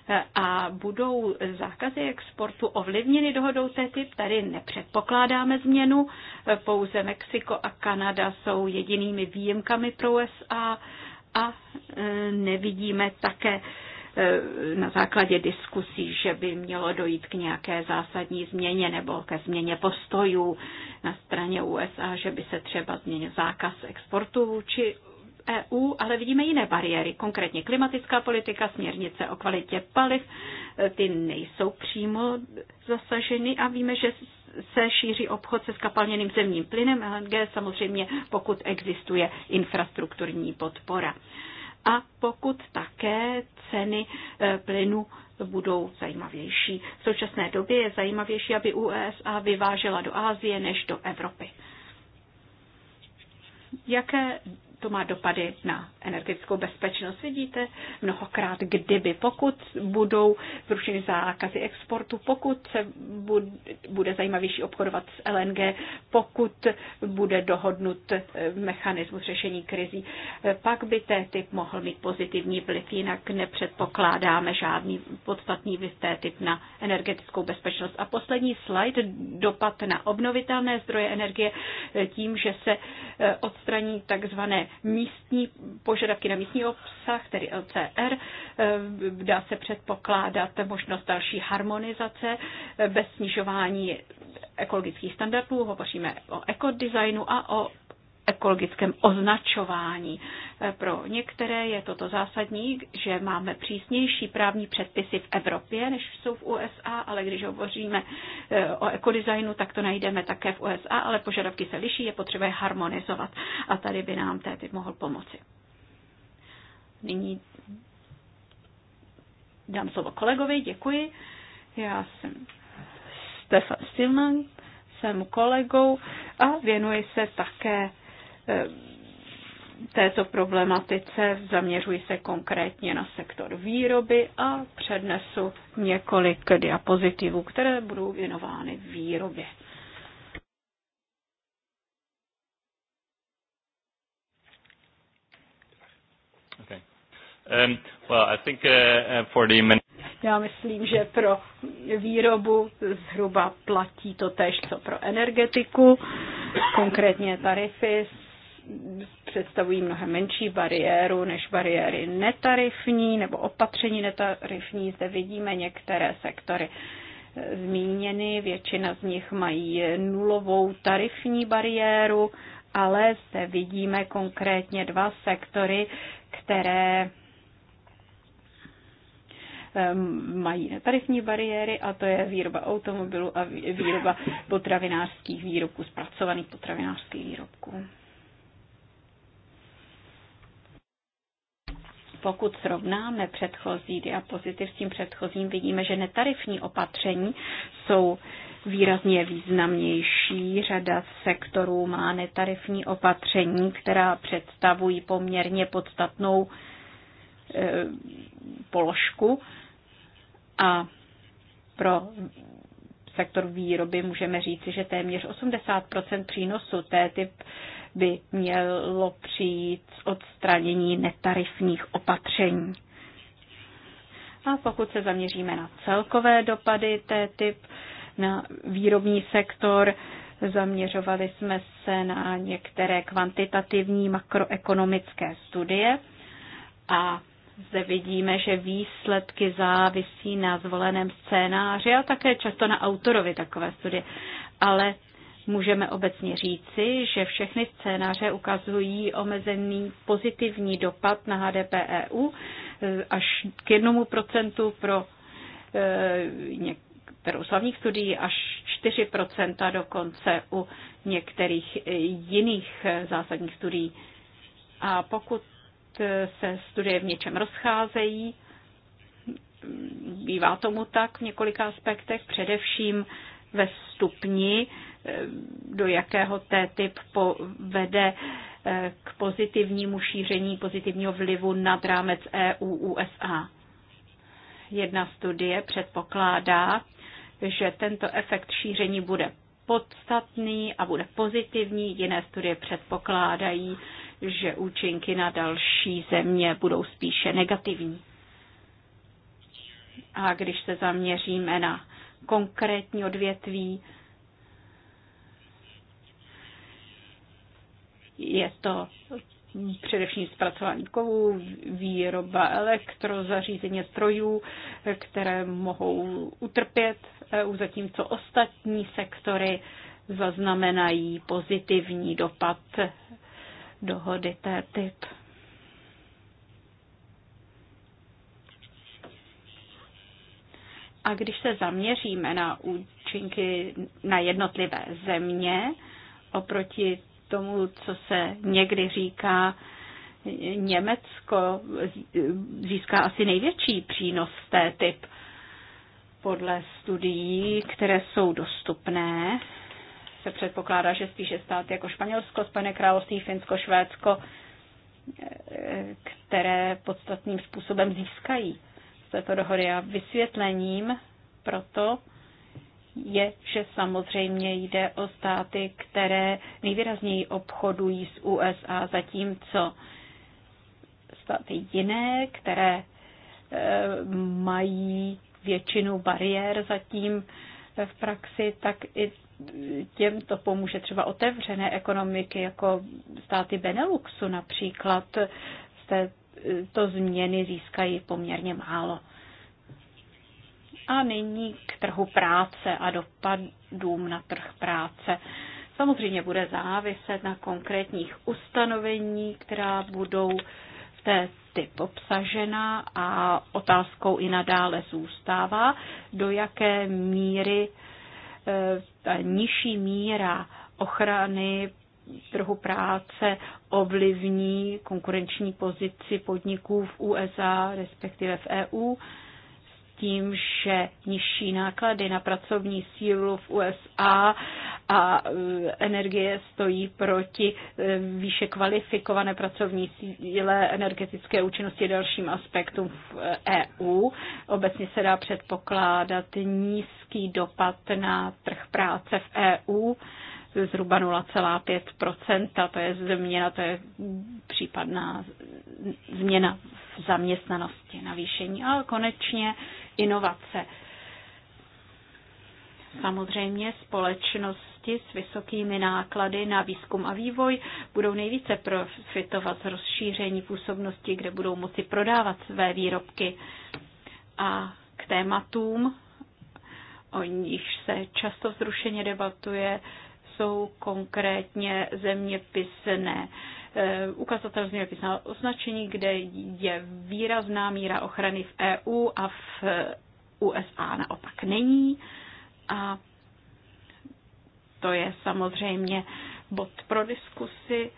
E, a budou zákazy exportu ovlivněny dohodou TTIP? Tady nepředpokládáme změnu, e, pouze Mexiko a Kanada jsou jedinými výjimkami pro USA a nevidíme také Eh, na základě diskusí, že by mělo dojít k nějaké zásadní změně nebo ke změně postojů na straně USA, že by se třeba změnil zákaz exportu vůči EU, ale vidíme jiné bariéry, konkrétně klimatická politika, směrnice o kvalitě paliv, eh, ty nejsou přímo zasaženy a víme, že se šíří obchod se skapalněným zemním plynem LNG, samozřejmě pokud existuje infrastrukturní podpora a pokud také ceny eh, plynu budou zajímavější. V současné době je zajímavější, aby USA vyvážela do Asie než do Evropy. Jaké to má dopady na energetickou bezpečnost. Vidíte mnohokrát, kdyby, pokud budou zrušeny zákazy exportu, pokud se bude zajímavější obchodovat s LNG, pokud bude dohodnut eh, mechanismus řešení krizí, eh, pak by té typ mohl mít pozitivní vliv, jinak nepředpokládáme žádný podstatný vliv té typ na energetickou bezpečnost. A poslední slide, dopad na obnovitelné zdroje energie eh, tím, že se odstraní takzvané místní požadavky na místní obsah, tedy LCR. Eh, dá se předpokládat možnost další harmonizace eh, bez snižování ekologických standardů. Hovoříme o ekodesignu a o ekologickém označování. Eh, pro některé je toto zásadní, že máme přísnější právní předpisy v Evropě, než jsou v USA, ale když hovoříme eh, o ekodesignu, tak to najdeme také v USA, ale požadavky se liší, je potřeba je harmonizovat a tady by nám TTIP mohl pomoci. Nyní dám slovo kolegovi, děkuji. Já jsem Stefan Stilman, jsem kolegou a věnuji se také Eh, této problematice, zaměřuji se konkrétně na sektor výroby a přednesu několik diapozitivů, které budou věnovány výrobě. Um, uh, uh, Já myslím, že pro výrobu zhruba platí to tež, co pro energetiku, konkrétně tarify představují mnohem menší bariéru než bariéry netarifní nebo opatření netarifní. Zde vidíme některé sektory zmíněny, většina z nich mají nulovou tarifní bariéru, ale zde vidíme konkrétně dva sektory, které ehm, mají netarifní bariéry a to je výroba automobilů a výroba potravinářských výrobků, zpracovaných potravinářských výrobků. Pokud srovnáme předchozí diapozitiv s tím předchozím, vidíme, že netarifní opatření jsou výrazně významnější. Řada sektorů má netarifní opatření, která představují poměrně podstatnou eh, položku a pro sektor výroby, můžeme říci, že téměř 80 přínosu typ by mělo přijít z odstranění netarifních opatření. A pokud se zaměříme na celkové dopady typ na výrobní sektor, zaměřovali jsme se na některé kvantitativní makroekonomické studie a zde vidíme, že výsledky závisí na zvoleném scénáři a také často na autorovi takové studie. Ale můžeme obecně říci, že všechny scénáře ukazují omezený pozitivní dopad na HDP EU e, až k jednomu procentu pro e, některou slavních studií až 4% dokonce u některých e, jiných zásadních studií. A pokud Eh, se studie v něčem rozcházejí. Bývá tomu tak v několika aspektech, především ve stupni, eh, do jakého té typ povede eh, k pozitivnímu šíření pozitivního vlivu nad rámec EU-USA. Jedna studie předpokládá, že tento efekt šíření bude podstatný a bude pozitivní. Jiné studie předpokládají, že účinky na další země budou spíše negativní. A když se zaměříme na konkrétní odvětví, je to především zpracování kovů, výroba elektrozařízení strojů, které mohou utrpět EU, zatímco ostatní sektory zaznamenají pozitivní dopad dohody TTIP. A když se zaměříme na účinky na jednotlivé země, oproti tomu, co se někdy říká, Německo získá asi největší přínos z té typ podle studií, které jsou dostupné se předpokládá, že spíše stát jako Španělsko, Spojené království, Finsko, Švédsko, e, které podstatným způsobem získají z této dohody. A vysvětlením proto je, že samozřejmě jde o státy, které nejvýrazněji obchodují s USA, zatímco státy jiné, které e, mají většinu bariér zatím v praxi, tak i těm to pomůže třeba otevřené ekonomiky, jako státy Beneluxu například, se e, to změny získají poměrně málo. A nyní k trhu práce a dopadům na trh práce. Samozřejmě bude záviset na konkrétních ustanovení, která budou v té typ obsažena a otázkou i nadále zůstává, do jaké míry ta nižší míra ochrany trhu práce ovlivní konkurenční pozici podniků v USA, respektive v EU tím, že nižší náklady na pracovní sílu v USA a e, energie stojí proti e, výše kvalifikované pracovní síle energetické účinnosti dalším aspektům v EU. Obecně se dá předpokládat nízký dopad na trh práce v EU zhruba 0,5%, to je změna, to je případná změna v zaměstnanosti, navýšení. A konečně inovace. Samozřejmě společnosti s vysokými náklady na výzkum a vývoj budou nejvíce profitovat z rozšíření působnosti, kde budou moci prodávat své výrobky. A k tématům, o nich se často vzrušeně debatuje, jsou konkrétně zeměpisné eh, Eh, ukazatel zeměpisného označení, kde je výrazná míra ochrany v EU a v eh, USA naopak není. A to je samozřejmě bod pro diskusi.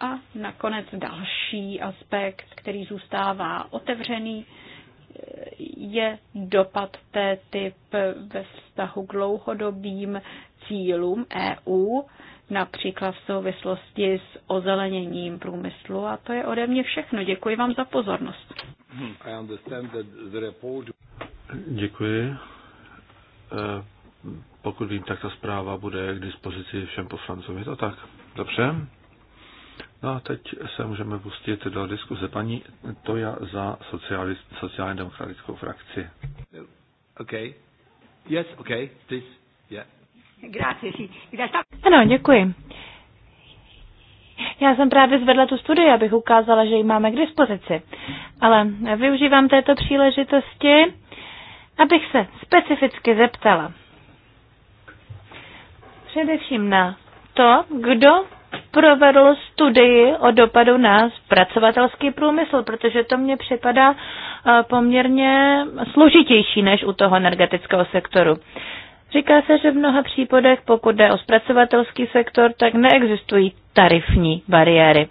A nakonec další aspekt, který zůstává otevřený, eh, je dopad té typ ve vztahu k dlouhodobým cílům EU například v souvislosti s ozeleněním průmyslu. A to je ode mě všechno. Děkuji vám za pozornost. Děkuji. Eh, pokud vím, tak ta zpráva bude k dispozici všem poslancům. Je to tak? Dobře. No a teď se můžeme pustit do diskuze. Paní Toja za sociálně demokratickou frakci. Okay. Yes, okay, This, Yeah. Ano, děkuji. Já jsem právě zvedla tu studii, abych ukázala, že ji máme k dispozici. Ale využívám této příležitosti, abych se specificky zeptala. Především na to, kdo provedl studii o dopadu na zpracovatelský průmysl, protože to mně připadá eh, poměrně složitější než u toho energetického sektoru. Říká se, že v mnoha případech, pokud jde o zpracovatelský sektor, tak neexistují tarifní bariéry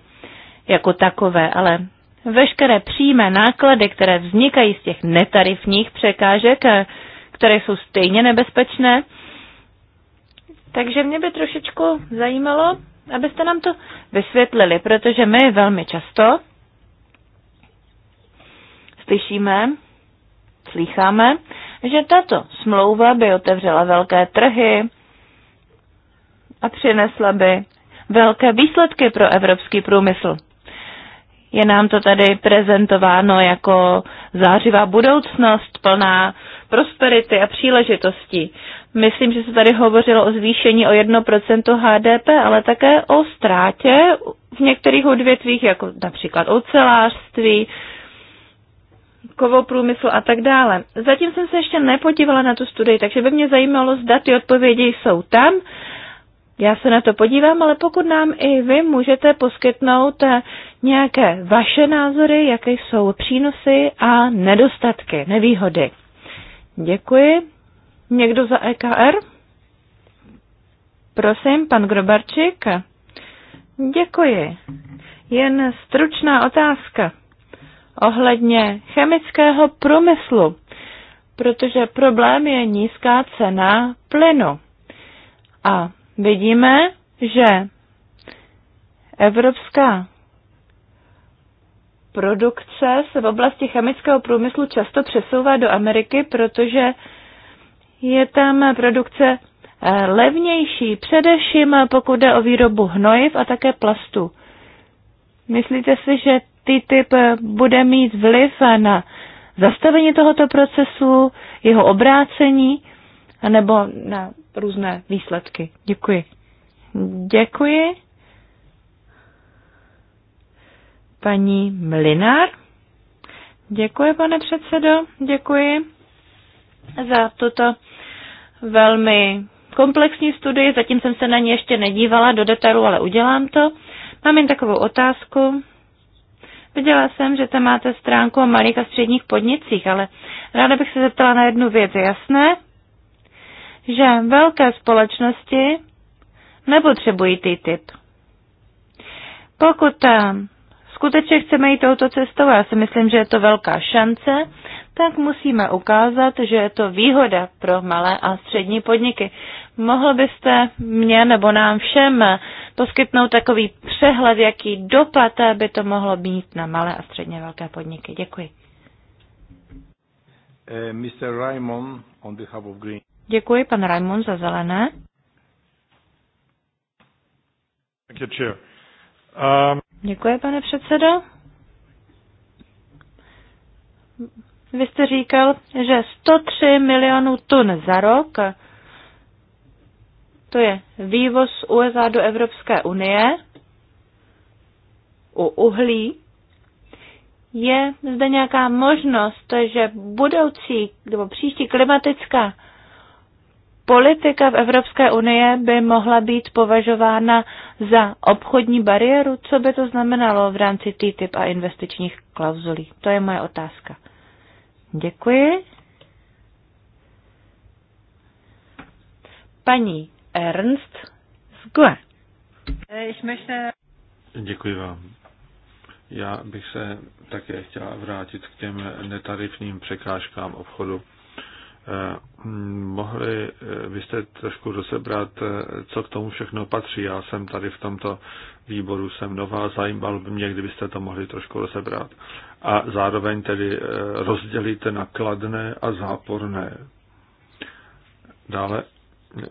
jako takové, ale veškeré přímé náklady, které vznikají z těch netarifních překážek, eh, které jsou stejně nebezpečné. Takže mě by trošičku zajímalo, abyste nám to vysvětlili, protože my velmi často slyšíme, slycháme, že tato smlouva by otevřela velké trhy a přinesla by velké výsledky pro evropský průmysl. Je nám to tady prezentováno jako zářivá budoucnost, plná prosperity a příležitostí. Myslím, že se tady hovořilo o zvýšení o 1% HDP, ale také o ztrátě v některých odvětvích, jako například ocelářství, kovou průmysl a tak dále. Zatím jsem se ještě nepodívala na tu studii, takže by mě zajímalo, zda ty odpovědi jsou tam. Já se na to podívám, ale pokud nám i vy můžete poskytnout eh, nějaké vaše názory, jaké jsou přínosy a nedostatky, nevýhody. Děkuji. Někdo za EKR? Prosím, pan Grobarčík. Děkuji. Jen stručná otázka ohledně chemického průmyslu, protože problém je nízká cena plynu. A vidíme, že evropská produkce se v oblasti chemického průmyslu často přesouvá do Ameriky, protože je tam produkce eh, levnější, především pokud jde o výrobu hnojiv a také plastu. Myslíte si, že TTIP eh, bude mít vliv na zastavení tohoto procesu, jeho obrácení, nebo na různé výsledky. Děkuji. Děkuji. Paní Mlinár. Děkuji, pane předsedo. Děkuji za tuto velmi komplexní studii. Zatím jsem se na ně ještě nedívala do detailu, ale udělám to. Mám jen takovou otázku. Viděla jsem, že tam máte stránku o malých a středních podnicích, ale ráda bych se zeptala na jednu věc. jasné, že velké společnosti nepotřebují ty typ. Pokud eh, skutečně chceme jít touto cestou, já si myslím, že je to velká šance, tak musíme ukázat, že je to výhoda pro malé a střední podniky. Mohl byste mě nebo nám všem poskytnout takový přehled, jaký dopad by to mohlo mít na malé a středně velké podniky. Děkuji. Eh, Děkuji, pan Raymond za zelené. Um, Děkuji, pane předsedo. Vy jste říkal, že 103 milionů tun za rok to je vývoz z USA do Evropské unie u uhlí. Je zde nějaká možnost, že budoucí nebo příští klimatická politika v Evropské unie by mohla být považována za obchodní bariéru? Co by to znamenalo v rámci TTIP a investičních klauzulí? To je moje otázka. Děkuji. Paní Ernst z GUE. Děkuji vám. Já bych se také chtěla vrátit k těm netarifním překážkám obchodu. Eh, mohli byste eh, trošku rozebrat, eh, co k tomu všechno patří. Já jsem tady v tomto výboru, jsem nová, zajímal by mě, kdybyste to mohli trošku rozebrat. A zároveň tedy rozdělíte na kladné a záporné. Dále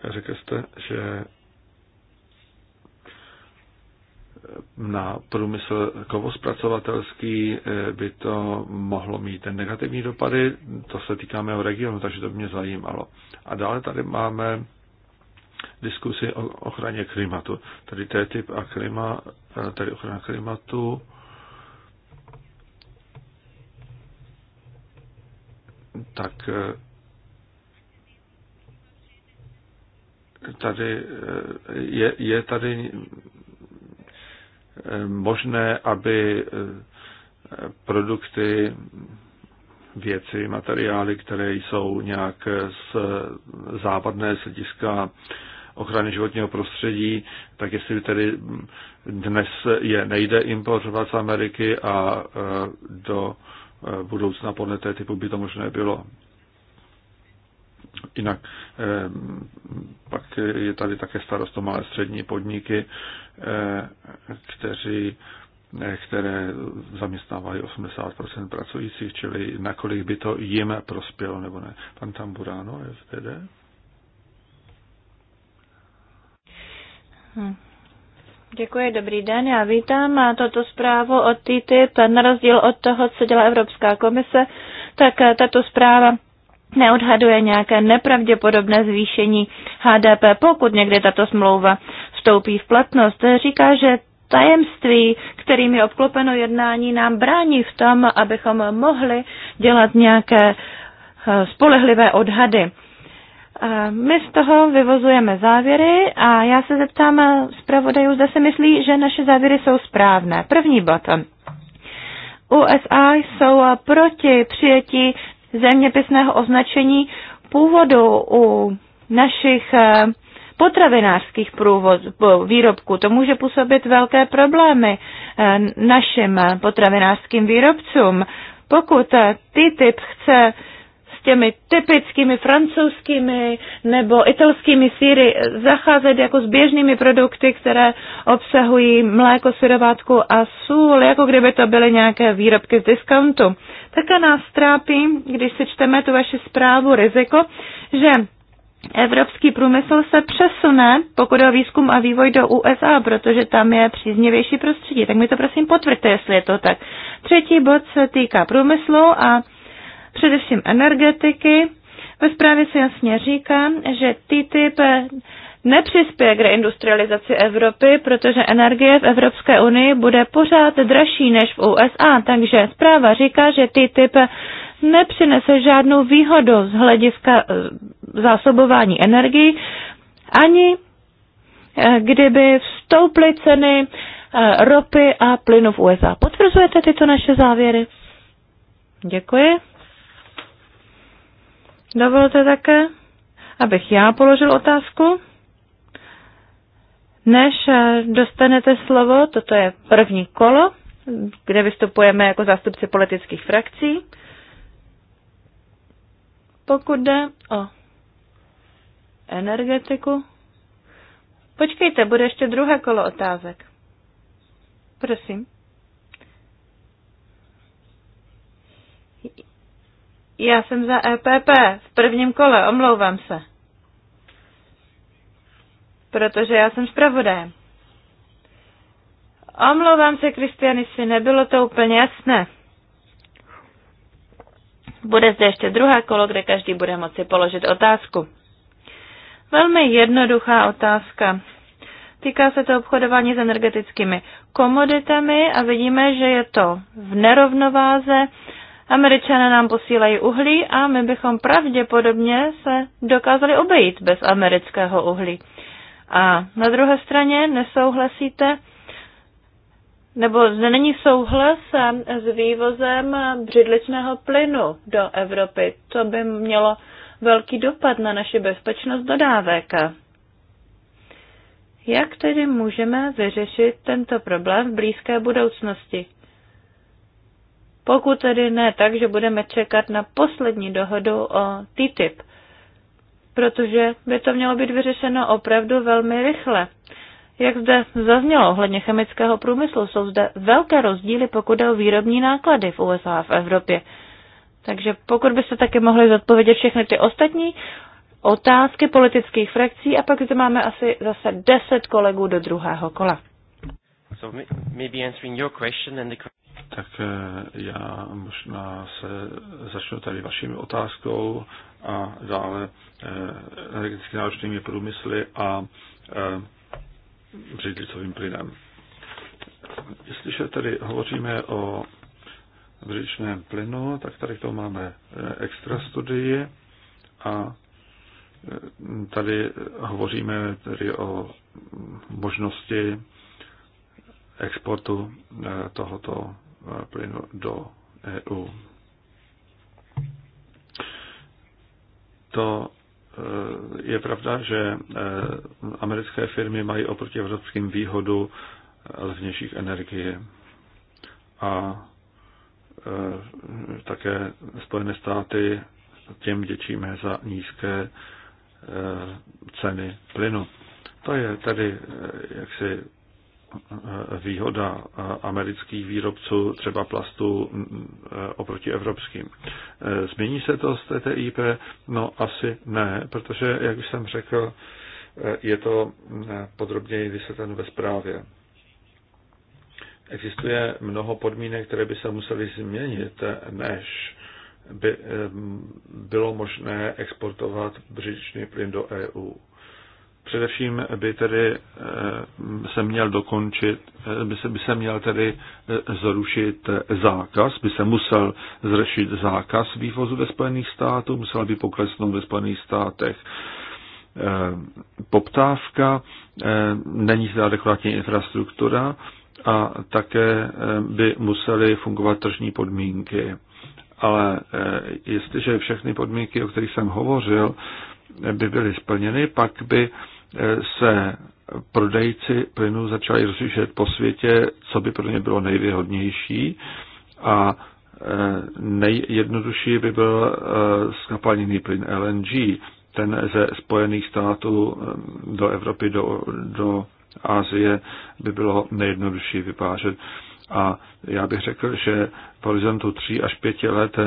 Řekl jste, že na průmysl kovospracovatelský eh, by to mohlo mít negativní dopady, to se týká mého regionu, takže to by mě zajímalo. A dále tady máme diskusi o ochraně klimatu. Tady typ a klima, eh, tady ochrana klimatu. Tak eh, tady eh, je, je tady eh, možné, aby eh, produkty, věci, materiály, které jsou nějak z západné slediska ochrany životního prostředí, tak jestli tedy dnes je nejde importovat z Ameriky a do budoucna podle té typu by to možné bylo. Jinak eh, pak je tady také starost o malé střední podniky, eh, kteří, eh, které zaměstnávají 80% pracujících, čili nakolik by to jim prospělo nebo ne. Pan Tamburano, FTD? Hmm. Děkuji, dobrý den. Já vítám toto zprávu od TTIP. Na rozdíl od toho, co dělá Evropská komise, tak tato zpráva neodhaduje nějaké nepravděpodobné zvýšení HDP, pokud někdy tato smlouva vstoupí v platnost. Říká, že tajemství, kterým je obklopeno jednání, nám brání v tom, abychom mohli dělat nějaké eh, spolehlivé odhady. Eh, my z toho vyvozujeme závěry a já se zeptám eh, zpravodajů, zda si myslí, že naše závěry jsou správné. První bod. USA jsou proti přijetí zeměpisného označení původu u našich eh, potravinářských průvod, výrobků. To může působit velké problémy eh, našim potravinářským výrobcům. Pokud eh, TTIP chce těmi typickými francouzskými nebo italskými síry zacházet jako s běžnými produkty, které obsahují mléko, syrovátku a sůl, jako kdyby to byly nějaké výrobky z discountu. Také nás trápí, když si čteme tu vaši zprávu, riziko, že Evropský průmysl se přesune, pokud o výzkum a vývoj do USA, protože tam je příznivější prostředí. Tak mi to prosím potvrďte, jestli je to tak. Třetí bod se týká průmyslu a především energetiky. Ve zprávě se jasně říká, že TTIP nepřispěje k reindustrializaci Evropy, protože energie v Evropské unii bude pořád dražší než v USA, takže zpráva říká, že TTIP nepřinese žádnou výhodu z hlediska eh, zásobování energií, ani eh, kdyby vstouply ceny eh, ropy a plynu v USA. Potvrzujete tyto naše závěry? Děkuji. Dovolte také, abych já položil otázku. Než dostanete slovo, toto je první kolo, kde vystupujeme jako zástupci politických frakcí. Pokud jde o energetiku, počkejte, bude ještě druhé kolo otázek. Prosím. Já jsem za EPP v prvním kole, omlouvám se. Protože já jsem zpravodajem. Omlouvám se, Kristianisi, nebylo to úplně jasné. Bude zde ještě druhé kolo, kde každý bude moci položit otázku. Velmi jednoduchá otázka. Týká se to obchodování s energetickými komoditami a vidíme, že je to v nerovnováze Američané nám posílají uhlí a my bychom pravděpodobně se dokázali obejít bez amerického uhlí. A na druhé straně nesouhlasíte, nebo zde není souhlas s vývozem břidličného plynu do Evropy. To by mělo velký dopad na naši bezpečnost dodávek. Jak tedy můžeme vyřešit tento problém v blízké budoucnosti? Pokud tedy ne, takže budeme čekat na poslední dohodu o TTIP, protože by to mělo být vyřešeno opravdu velmi rychle. Jak zde zaznělo ohledně chemického průmyslu, jsou zde velké rozdíly, pokud jde o výrobní náklady v USA a v Evropě. Takže pokud byste taky mohli zodpovědět všechny ty ostatní otázky politických frakcí a pak zde máme asi zase deset kolegů do druhého kola. So maybe answering your question and the... Tak eh, já možná se začnu tady vaším otázkou a dále eh, energeticky náročnými průmysly a eh, břidlicovým plynem. Jestliže tedy hovoříme o břidličném plynu, tak tady k tomu máme extra studii a tady hovoříme tedy o možnosti exportu eh, tohoto eh, plynu do EU. To eh, je pravda, že americké firmy mají oproti evropským výhodu levnějších energie. A také Spojené státy těm děčíme za nízké ceny plynu. To je tedy jaksi výhoda amerických výrobců třeba plastů oproti evropským. Změní se to z TTIP? No asi ne, protože, jak už jsem řekl, je to podrobněji vysvětleno ve zprávě. Existuje mnoho podmínek, které by se musely změnit, než by bylo možné exportovat břičný plyn do EU. Především by tedy eh, se měl dokončit, eh, by se, by se měl tedy eh, zrušit zákaz, by se musel zrušit zákaz vývozu ve Spojených států, musel by poklesnout ve Spojených státech poptávka, není zde adekvátní infrastruktura a také by musely fungovat tržní podmínky. Ale jestliže všechny podmínky, o kterých jsem hovořil, by byly splněny, pak by se prodejci plynu začali rozlišovat po světě, co by pro ně bylo nejvýhodnější a e, nejjednodušší by byl e, skapalněný plyn LNG, ten ze Spojených států e, do Evropy, do, do Asie by bylo nejjednodušší vypářet. A já bych řekl, že v horizontu 3 až 5 let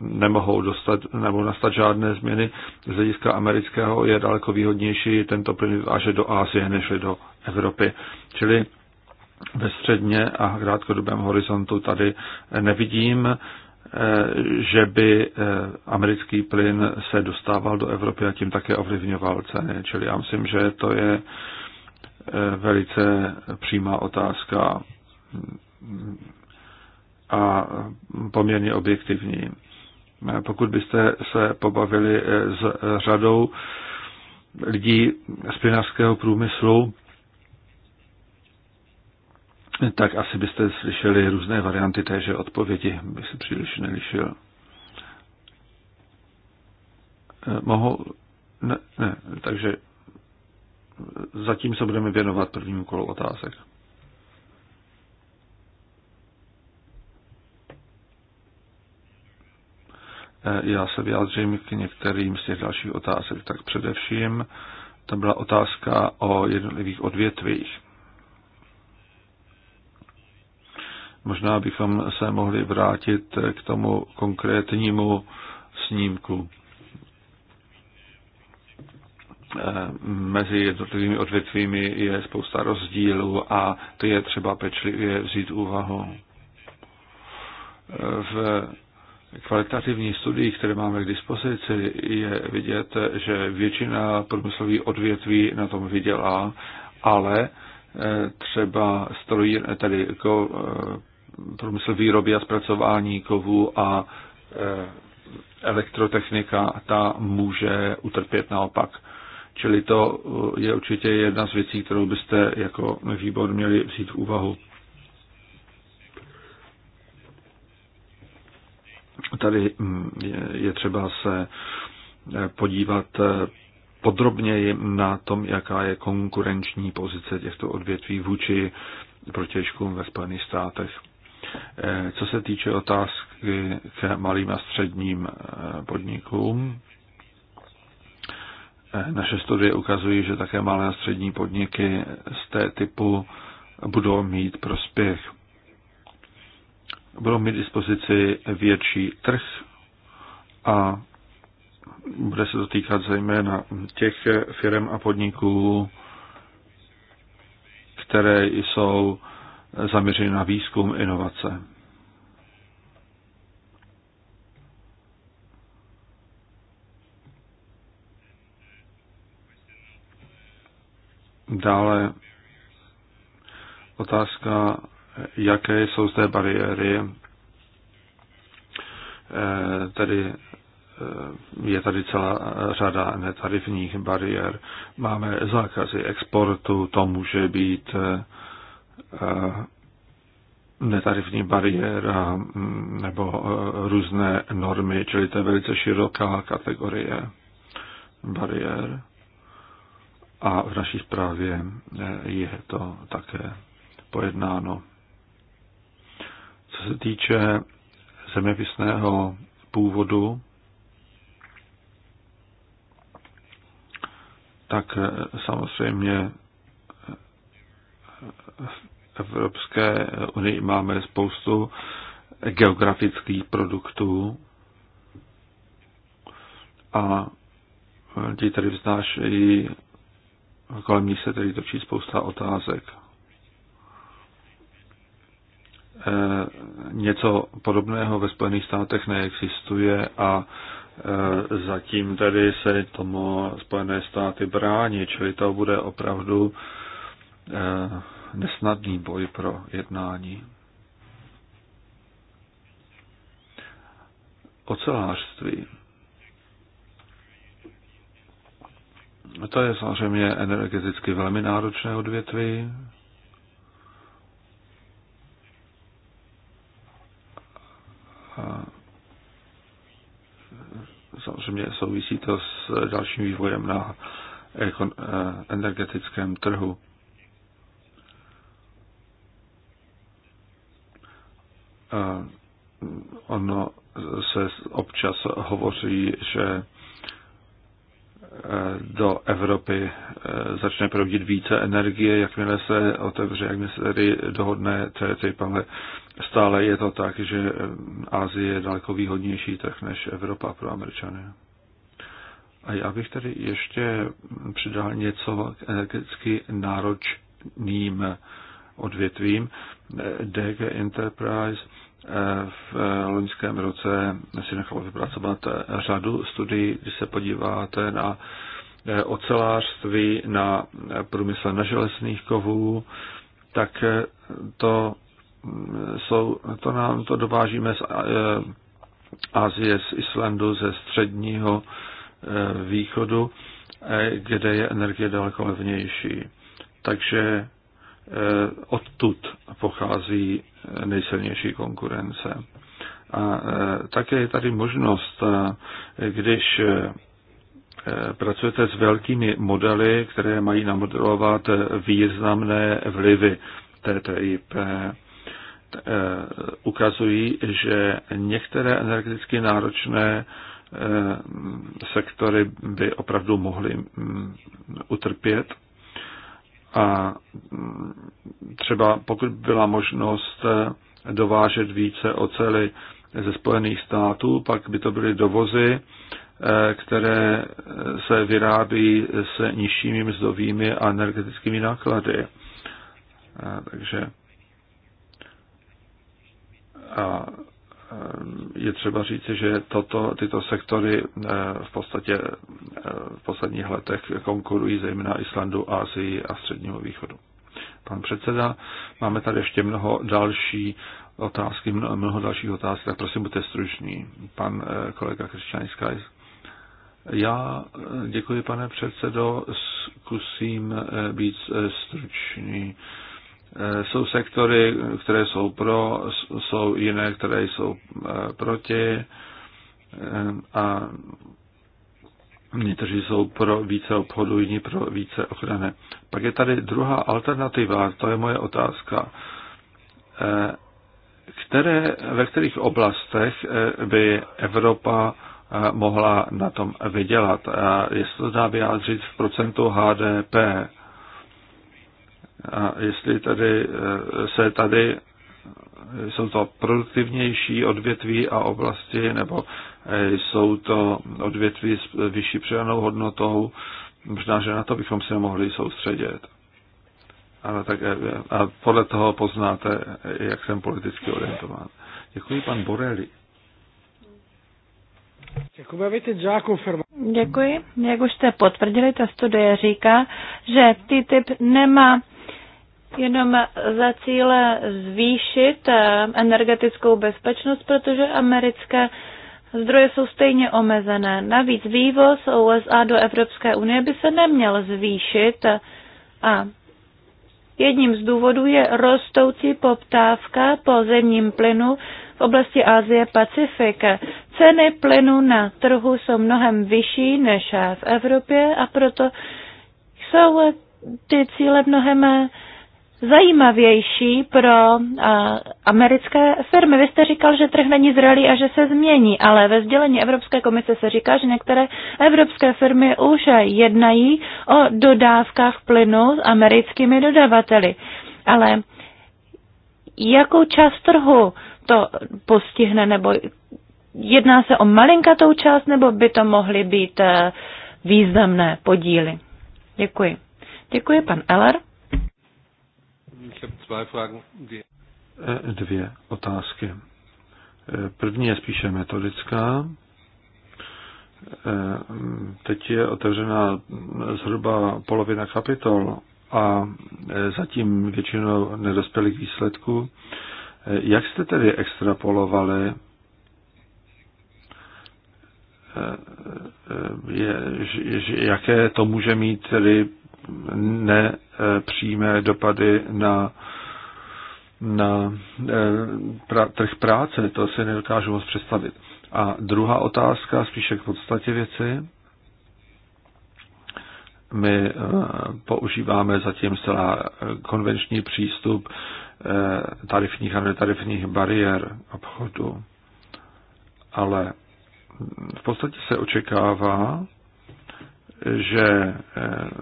nemohou dostat, nebo nastat žádné změny. Z hlediska amerického je daleko výhodnější tento plyn až do Asie než do Evropy. Čili ve středně a krátkodobém horizontu tady nevidím, eh, že by eh, americký plyn se dostával do Evropy a tím také ovlivňoval ceny. Čili já myslím, že to je eh, velice přímá otázka a poměrně objektivní. Pokud byste se pobavili s řadou lidí z plynářského průmyslu, tak asi byste slyšeli různé varianty téže odpovědi, By se příliš nelišil. Mohu? Ne, ne, takže zatím se budeme věnovat prvnímu kolu otázek. Eh, já se vyjádřím k některým z těch dalších otázek. Tak především to byla otázka o jednotlivých odvětvích. Možná bychom se mohli vrátit k tomu konkrétnímu snímku eh, mezi jednotlivými odvětvími je spousta rozdílů a ty je třeba pečlivě vzít úvahu. Eh, v kvalitativních studií, které máme k dispozici, je vidět, že většina průmyslových odvětví na tom vydělá, ale eh, třeba strojí, tedy jako průmysl výroby a zpracování kovů a eh, elektrotechnika, ta může utrpět naopak. Čili to je určitě jedna z věcí, kterou byste jako výbor měli vzít v úvahu. Tady mm, je třeba se eh, podívat eh, podrobněji na tom, jaká je konkurenční pozice těchto odvětví vůči protěžkům ve Spojených státech. Eh, co se týče otázky k malým a středním podnikům, naše studie ukazují, že také malé a střední podniky z té typu budou mít prospěch budou mít dispozici větší trh a bude se to týkat zejména těch firm a podniků, které jsou zaměřeny na výzkum inovace. Dále otázka jaké jsou zde bariéry. Eh, tedy eh, je tady celá eh, řada netarifních bariér. Máme zákazy exportu, to může být netarifní bariéra mm, nebo různé normy, čili to je velice široká kategorie bariér. A v naší zprávě je to také pojednáno se týče zeměpisného původu, tak eh, samozřejmě eh, v Evropské unii máme spoustu geografických produktů a ti tady vznášejí, kolem ní se tady točí spousta otázek. Eh, něco podobného ve Spojených státech neexistuje a eh, zatím tedy se tomu Spojené státy brání, čili to bude opravdu eh, nesnadný boj pro jednání. Ocelářství. To je samozřejmě energeticky velmi náročné odvětví, samozřejmě souvisí to s dalším vývojem na eh, energetickém trhu. Mm, ono se občas hovoří, že do Evropy eh, začne proudit více energie, jakmile se otevře, jakmile se tedy dohodne TTIP, ale stále je to tak, že Asie eh, je daleko výhodnější trh než Evropa pro Američany. A já bych tady ještě přidal něco k energeticky náročným odvětvím. Eh, DG Enterprise Eh, v eh, loňském roce si nechal vypracovat eh, řadu studií, když se podíváte na ocelářství, na průmysl na železných kovů, tak to, mm, jsou, to nám to dovážíme z Asie, z Islandu, ze středního východu, kde je energie daleko levnější. Takže Eh, odtud pochází eh, nejsilnější konkurence. A eh, také je tady možnost, když pracujete s velkými modely, které mají namodelovat významné vlivy TTIP, ukazují, že některé energeticky náročné sektory by opravdu mohly mm, utrpět a mm, třeba pokud byla možnost eh, dovážet více ocely ze Spojených států, pak by to byly dovozy, eh, které eh, se vyrábí s nižšími mzdovými a energetickými náklady. A takže a je třeba říci, že toto, tyto sektory eh, v podstatě eh, v posledních letech konkurují zejména Islandu, Asii a Středního východu. Pan předseda, máme tady ještě mnoho další otázky, mnoho dalších otázek, tak prosím, buďte stručný. Pan eh, kolega Kristian Skajs. Já děkuji, pane předsedo, zkusím být stručný. Eh, jsou sektory, které jsou pro, jsou jiné, které jsou eh, proti eh, a někteří jsou pro více obchodu, jiní pro více ochrany. Pak je tady druhá alternativa, to je moje otázka. Které, ve kterých oblastech by Evropa mohla na tom vydělat? A jestli to dá vyjádřit v procentu HDP? A jestli tady eh, se tady eh, jsou to produktivnější odvětví a oblasti, nebo eh, jsou to odvětví s vyšší přidanou hodnotou, možná, že na to bychom se mohli soustředit. Ale tak, a podle toho poznáte, jak jsem politicky orientován. Děkuji, pan Borelli. Děkuji. Jak už jste potvrdili, ta studie říká, že TTIP nemá jenom za cíle zvýšit eh, energetickou bezpečnost, protože americké zdroje jsou stejně omezené. Navíc vývoz USA do Evropské unie by se neměl zvýšit a jedním z důvodů je rostoucí poptávka po zemním plynu v oblasti Asie Pacifika. Ceny plynu na trhu jsou mnohem vyšší než v Evropě a proto jsou ty cíle mnohem zajímavější pro eh, americké firmy. Vy jste říkal, že trh není zralý a že se změní, ale ve sdělení Evropské komise se říká, že některé evropské firmy už jednají o dodávkách plynu s americkými dodavateli. Ale jakou část trhu to postihne, nebo jedná se o malinkatou část, nebo by to mohly být eh, významné podíly? Děkuji. Děkuji, pan Eller. Eh, dvě otázky. Eh, první je spíše metodická. Eh, teď je otevřena zhruba polovina kapitol a zatím většinou nedospěli k výsledku. Jak jste tedy extrapolovali je, jaké to může mít tedy nepřímé dopady na, na eh, pra, trh práce. To si nedokážu moc představit. A druhá otázka, spíše k podstatě věci. My eh, používáme zatím celá konvenční přístup eh, tarifních a netarifních bariér obchodu. Ale v podstatě se očekává, že eh,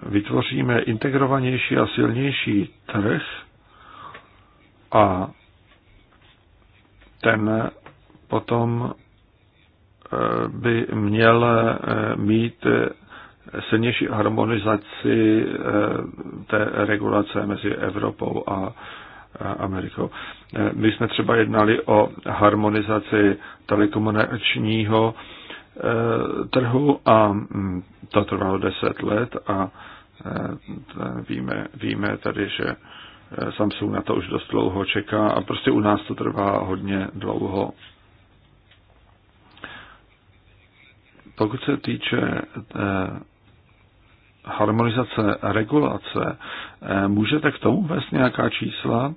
vytvoříme integrovanější a silnější trh a ten potom eh, by měl eh, mít silnější harmonizaci té regulace mezi Evropou a Amerikou. My jsme třeba jednali o harmonizaci telekomunikačního Eh, trhu a mm, to trvalo deset let a eh, víme, víme tady, že eh, Samsung na to už dost dlouho čeká a prostě u nás to trvá hodně dlouho. Pokud se týče harmonizace regulace, můžete k tomu vést nějaká čísla?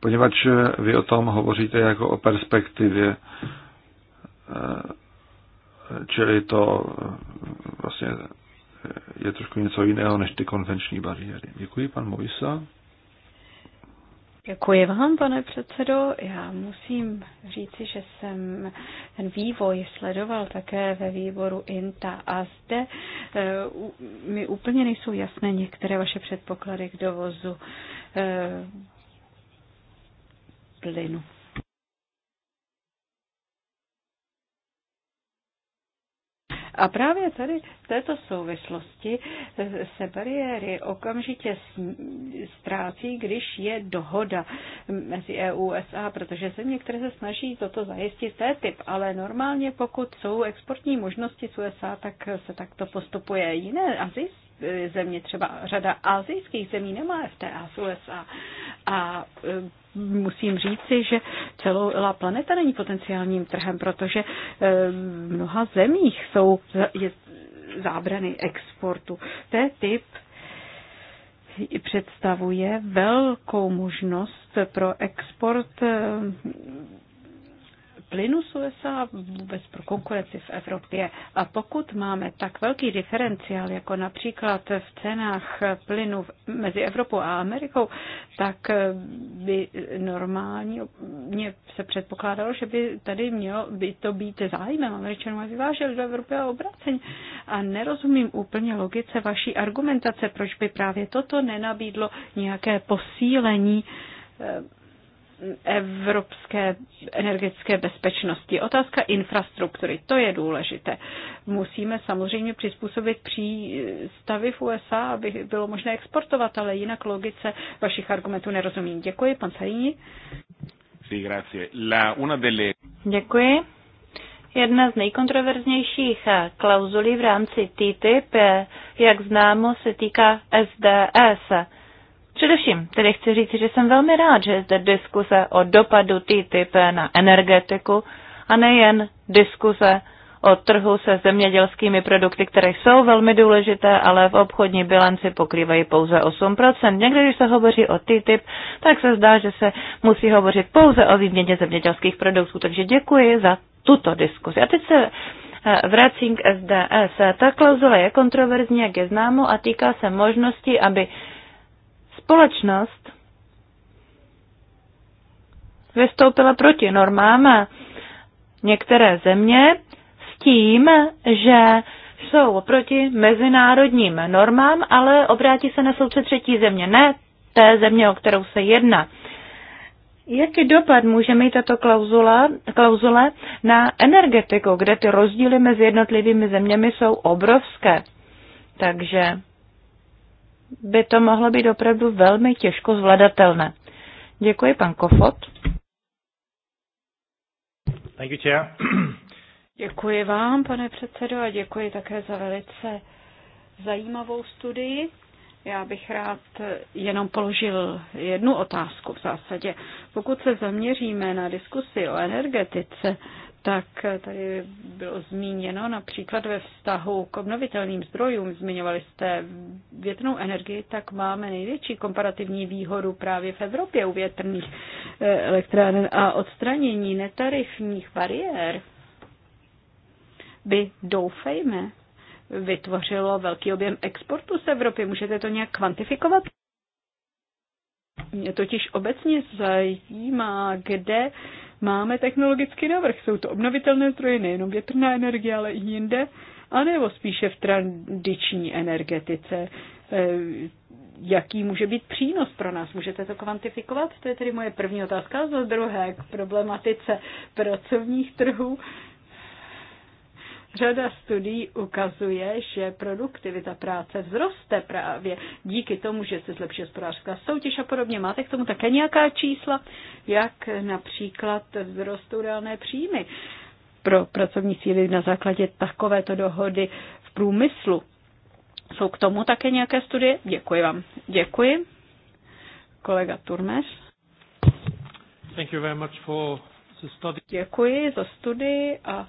Poněvadž vy o tom hovoříte jako o perspektivě Čili to eh, vlastně eh, je trošku něco jiného než ty konvenční bariéry. Děkuji, pan Mojsa. Děkuji vám, pane předsedo. Já musím říci, že jsem ten vývoj sledoval také ve výboru INTA a zde eh, mi úplně nejsou jasné některé vaše předpoklady k dovozu plynu. A právě tady v této souvislosti eh, se bariéry okamžitě ztrácí, když je dohoda mezi EU a USA, protože se některé se snaží toto zajistit, je typ, ale normálně pokud jsou exportní možnosti z USA, tak se takto postupuje. Jiné azijské E, země, třeba řada azijských zemí nemá FTA s USA. A e, musím říci, že celá planeta není potenciálním trhem, protože e, v mnoha zemích jsou je zábrany exportu. To typ představuje velkou možnost pro export plynu z USA vůbec pro konkurenci v Evropě. A pokud máme tak velký diferenciál, jako například v cenách plynu mezi Evropou a Amerikou, tak eh, by normálně mě se předpokládalo, že by tady mělo by to být zájmem Američanů aby vyváželi do Evropy a obráceně. A nerozumím úplně logice vaší argumentace, proč by právě toto nenabídlo nějaké posílení eh, evropské energetické bezpečnosti. Otázka infrastruktury, to je důležité. Musíme samozřejmě přizpůsobit přístavy v USA, aby bylo možné exportovat, ale jinak logice vašich argumentů nerozumím. Děkuji, pan Salini. Děkuji. Jedna z nejkontroverznějších eh, klauzulí v rámci TTIP, eh, jak známo, se týká SDS. Především tedy chci říct, že jsem velmi rád, že je zde diskuse o dopadu TTIP na energetiku a nejen diskuse o trhu se zemědělskými produkty, které jsou velmi důležité, ale v obchodní bilanci pokrývají pouze 8%. Někdy, když se hovoří o TTIP, tak se zdá, že se musí hovořit pouze o výměně zemědělských produktů. Takže děkuji za tuto diskuzi. A teď se eh, vracím k SDS. Ta klauzula je kontroverzní, jak je známo, a týká se možnosti, aby společnost vystoupila proti normám některé země s tím, že jsou proti mezinárodním normám, ale obrátí se na soudce třetí země, ne té země, o kterou se jedná. Jaký dopad může mít tato klauzula, klauzule na energetiku, kde ty rozdíly mezi jednotlivými zeměmi jsou obrovské? Takže by to mohlo být opravdu velmi těžko zvladatelné. Děkuji, pan Kofot. Thank you, chair. <clears throat> Děkuji vám, pane předsedo, a děkuji také za velice zajímavou studii. Já bych rád jenom položil jednu otázku v zásadě. Pokud se zaměříme na diskusi o energetice, tak tady bylo zmíněno například ve vztahu k obnovitelným zdrojům, zmiňovali jste větrnou energii, tak máme největší komparativní výhodu právě v Evropě u větrných eh, elektráren a odstranění netarifních bariér by, doufejme, vytvořilo velký objem exportu z Evropy. Můžete to nějak kvantifikovat? Mě totiž obecně zajímá, kde Máme technologický návrh, jsou to obnovitelné zdroje, nejenom větrná energie, ale i jinde, anebo spíše v tradiční energetice. E, jaký může být přínos pro nás? Můžete to kvantifikovat? To je tedy moje první otázka. Za druhé, k problematice pracovních trhů. Řada studií ukazuje, že produktivita práce vzroste právě díky tomu, že se zlepší hospodářská soutěž a podobně. Máte k tomu také nějaká čísla, jak například vzrostou reálné příjmy pro pracovní síly na základě takovéto dohody v průmyslu? Jsou k tomu také nějaké studie? Děkuji vám. Děkuji. Kolega Turmes. Děkuji za studii a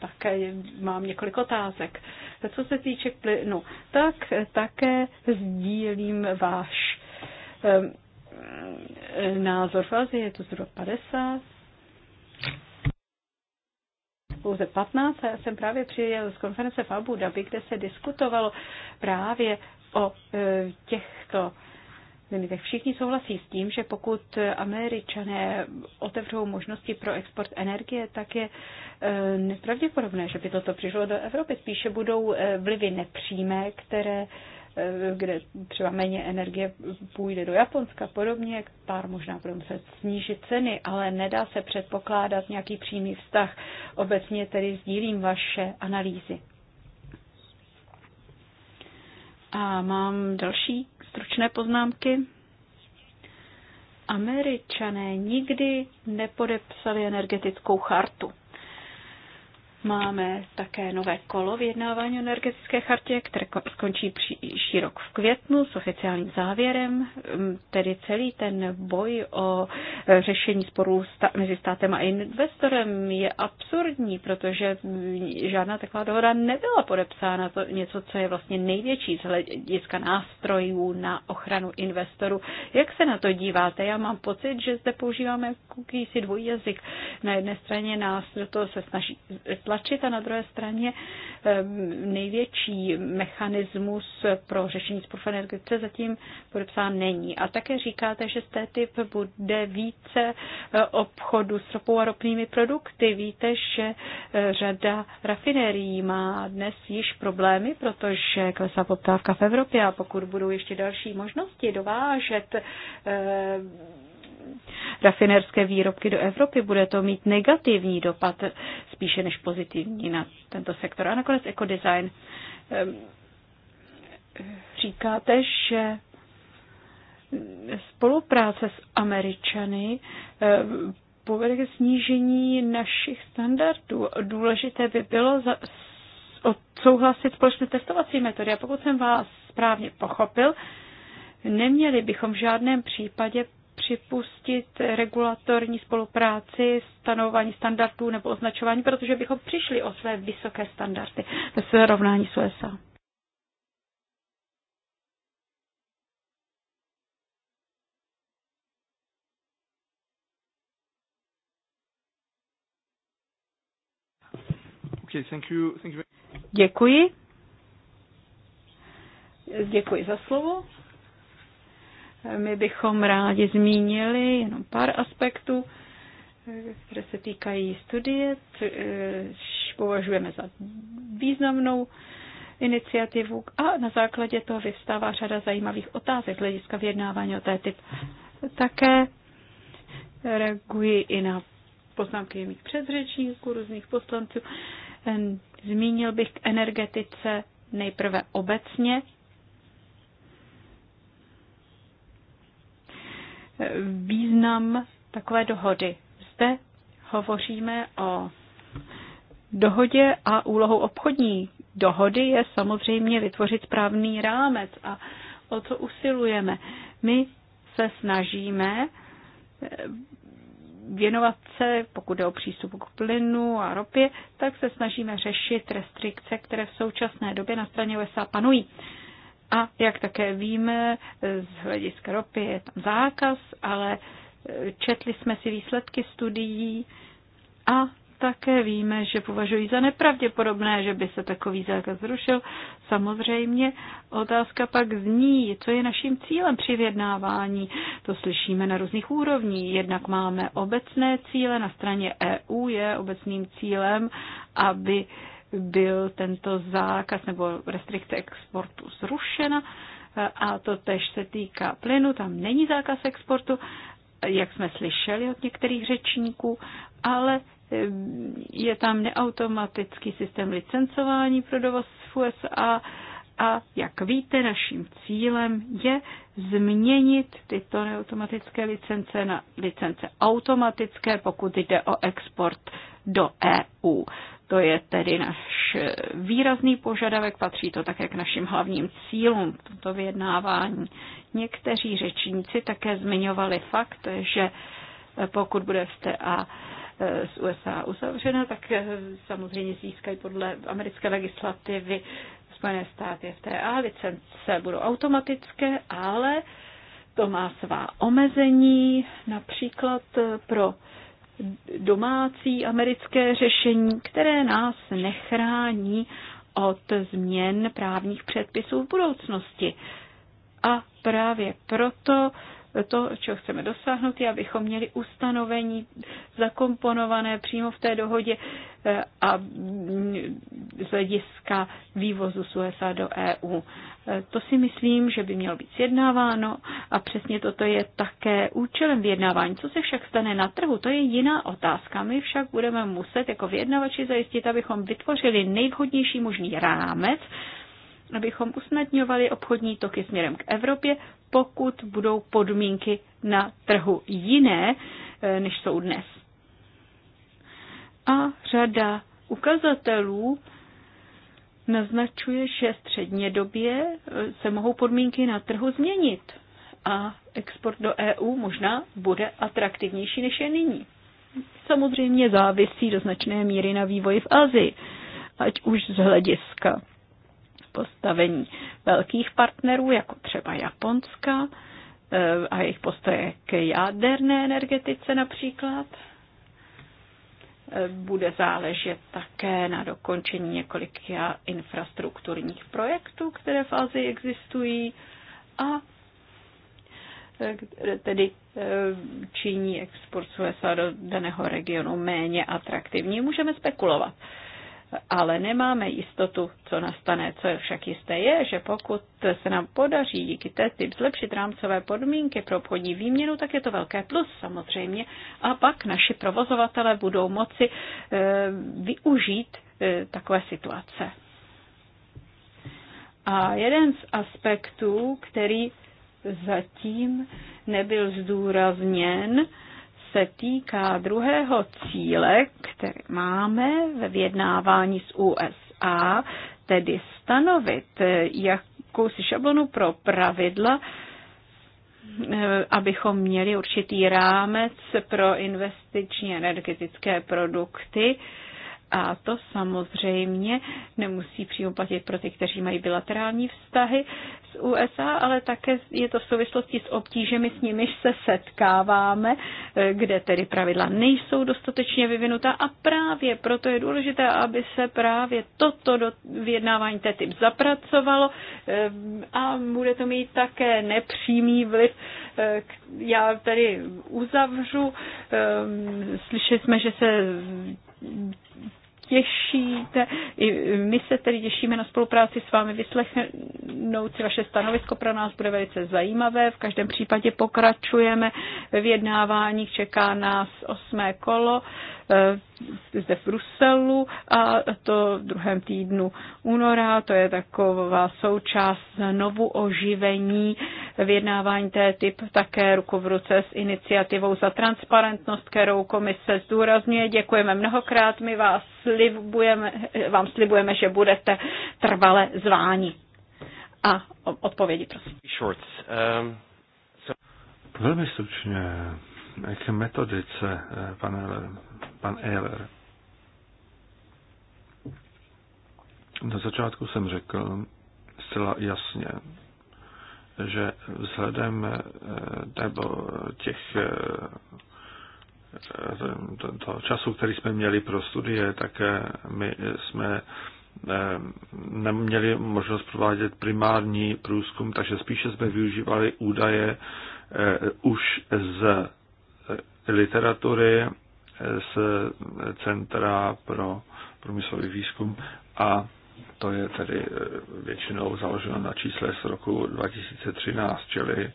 také mám několik otázek. Co se týče plynu, tak také sdílím váš ehm, názor v Azii, je to zhruba 50, pouze 15 a já jsem právě přijel z konference v Abu Dhabi, kde se diskutovalo právě o e, těchto tak Všichni souhlasí s tím, že pokud američané otevřou možnosti pro export energie, tak je eh, nepravděpodobné, že by toto přišlo do Evropy. Spíše budou eh, vlivy nepřímé, které eh, kde třeba méně energie půjde do Japonska podobně, pár možná budou muset snížit ceny, ale nedá se předpokládat nějaký přímý vztah. Obecně tedy sdílím vaše analýzy. A mám další stručné poznámky. Američané nikdy nepodepsali energetickou chartu. Máme také nové kolo vyjednávání o energetické chartě, které skončí příští rok v květnu s oficiálním závěrem. Mm, tedy celý ten boj o e, řešení sporů mezi státem a investorem je absurdní, protože žádná taková dohoda nebyla podepsána. To něco, co je vlastně největší z hlediska nástrojů na ochranu investorů. Jak se na to díváte? Já mám pocit, že zde používáme jakýsi dvojjazyk. Na jedné straně nás do toho se snaží tlačit a na druhé straně ehm, největší mechanismus pro řešení sporu v energetice zatím podepsán není. A také říkáte, že z té typ bude více e, obchodu s ropou a ropnými produkty. Víte, že e, řada rafinerií má dnes již problémy, protože klesá poptávka v Evropě a pokud budou ještě další možnosti dovážet e, rafinerské výrobky do Evropy. Bude to mít negativní dopad spíše než pozitivní na tento sektor. A nakonec ekodesign. Ehm, říkáte, že spolupráce s Američany ehm, povede ke snížení našich standardů. Důležité by bylo za, odsouhlasit společné testovací metody. A pokud jsem vás správně pochopil, neměli bychom v žádném případě připustit regulatorní spolupráci, stanovování standardů nebo označování, protože bychom přišli o své vysoké standardy ve srovnání s USA. Okay, thank you, thank you. Děkuji. Děkuji za slovo. My bychom rádi zmínili jenom pár aspektů, které se týkají studie, což eh, považujeme za významnou iniciativu a na základě toho vystává řada zajímavých otázek z hlediska vyjednávání o té typ. Také reaguji i na poznámky mých předřečníků, různých poslanců. Zmínil bych k energetice nejprve obecně, význam takové dohody. Zde hovoříme o dohodě a úlohou obchodní dohody je samozřejmě vytvořit správný rámec a o co usilujeme. My se snažíme eh, věnovat se, pokud jde o přístupu k plynu a ropě, tak se snažíme řešit restrikce, které v současné době na straně USA panují. A jak také víme, z hlediska ropy je tam zákaz, ale e, četli jsme si výsledky studií a také víme, že považují za nepravděpodobné, že by se takový zákaz zrušil. Samozřejmě otázka pak zní, co je naším cílem při vyjednávání. To slyšíme na různých úrovních. Jednak máme obecné cíle, na straně EU je obecným cílem, aby byl tento zákaz nebo restrikce exportu zrušena a to tež se týká plynu, tam není zákaz exportu, jak jsme slyšeli od některých řečníků, ale eh, je tam neautomatický systém licencování pro dovoz v USA a jak víte, naším cílem je změnit tyto neautomatické licence na licence automatické, pokud jde o export do EU. To je tedy náš výrazný požadavek, patří to také k našim hlavním cílům v tomto vyjednávání. Někteří řečníci také zmiňovali fakt, že pokud bude T.A. E, z USA uzavřena, tak e, samozřejmě získají podle americké legislativy Spojené státy FTA, licence budou automatické, ale to má svá omezení, například e, pro domácí americké řešení, které nás nechrání od změn právních předpisů v budoucnosti. A právě proto to, čeho chceme dosáhnout, je, abychom měli ustanovení zakomponované přímo v té dohodě eh, a mm, z hlediska vývozu z USA do EU. Eh, to si myslím, že by mělo být sjednáváno a přesně toto je také účelem vyjednávání. Co se však stane na trhu, to je jiná otázka. My však budeme muset jako vyjednavači zajistit, abychom vytvořili nejvhodnější možný rámec, abychom usnadňovali obchodní toky směrem k Evropě, pokud budou podmínky na trhu jiné, eh, než jsou dnes. A řada ukazatelů naznačuje, že střednědobě eh, se mohou podmínky na trhu změnit a export do EU možná bude atraktivnější, než je nyní. Samozřejmě závisí do značné míry na vývoji v Azii, ať už z hlediska postavení velkých partnerů, jako třeba Japonska eh, a jejich postoje k jaderné energetice například. Eh, bude záležet také na dokončení několika infrastrukturních projektů, které v Azii existují a eh, tedy činí export z USA do daného regionu méně atraktivní. Můžeme spekulovat ale nemáme jistotu, co nastane. Co je však jisté je, že pokud se nám podaří díky TTIP zlepšit rámcové podmínky pro obchodní výměnu, tak je to velké plus samozřejmě. A pak naši provozovatele budou moci eh, využít eh, takové situace. A jeden z aspektů, který zatím nebyl zdůrazněn, se týká druhého cíle, který máme ve vyjednávání s USA, tedy stanovit jakousi šablonu pro pravidla, eh, abychom měli určitý rámec pro investiční energetické produkty, a to samozřejmě nemusí přímo platit pro ty, kteří mají bilaterální vztahy s USA, ale také je to v souvislosti s obtížemi, s nimiž se setkáváme, eh, kde tedy pravidla nejsou dostatečně vyvinutá a právě proto je důležité, aby se právě toto do vyjednávání TTIP zapracovalo eh, a bude to mít také nepřímý vliv. Eh, já tady uzavřu. Slyšeli jsme, že se těšíte. I my se tedy těšíme na spolupráci s vámi, vyslechnout si vaše stanovisko pro nás bude velice zajímavé. V každém případě pokračujeme ve vyjednáváních, čeká nás osmé kolo Eh, zde v Bruselu a to v druhém týdnu února. To je taková součást znovu oživení vyjednávání té typ také ruku v ruce s iniciativou za transparentnost, kterou komise zdůrazňuje. Děkujeme mnohokrát, my vás slibujeme, vám slibujeme, že budete trvale zváni. A odpovědi, prosím. Um, Velmi stručně jaké metodice, eh, pane pan Ehler. Na začátku jsem řekl zcela jasně, že vzhledem eh, nebo těch eh, toho času, který jsme měli pro studie, tak eh, my jsme neměli možnost provádět primární průzkum, takže spíše jsme využívali údaje už z literatury z Centra pro průmyslový výzkum a to je tedy e, většinou založeno na čísle z roku 2013, čili e,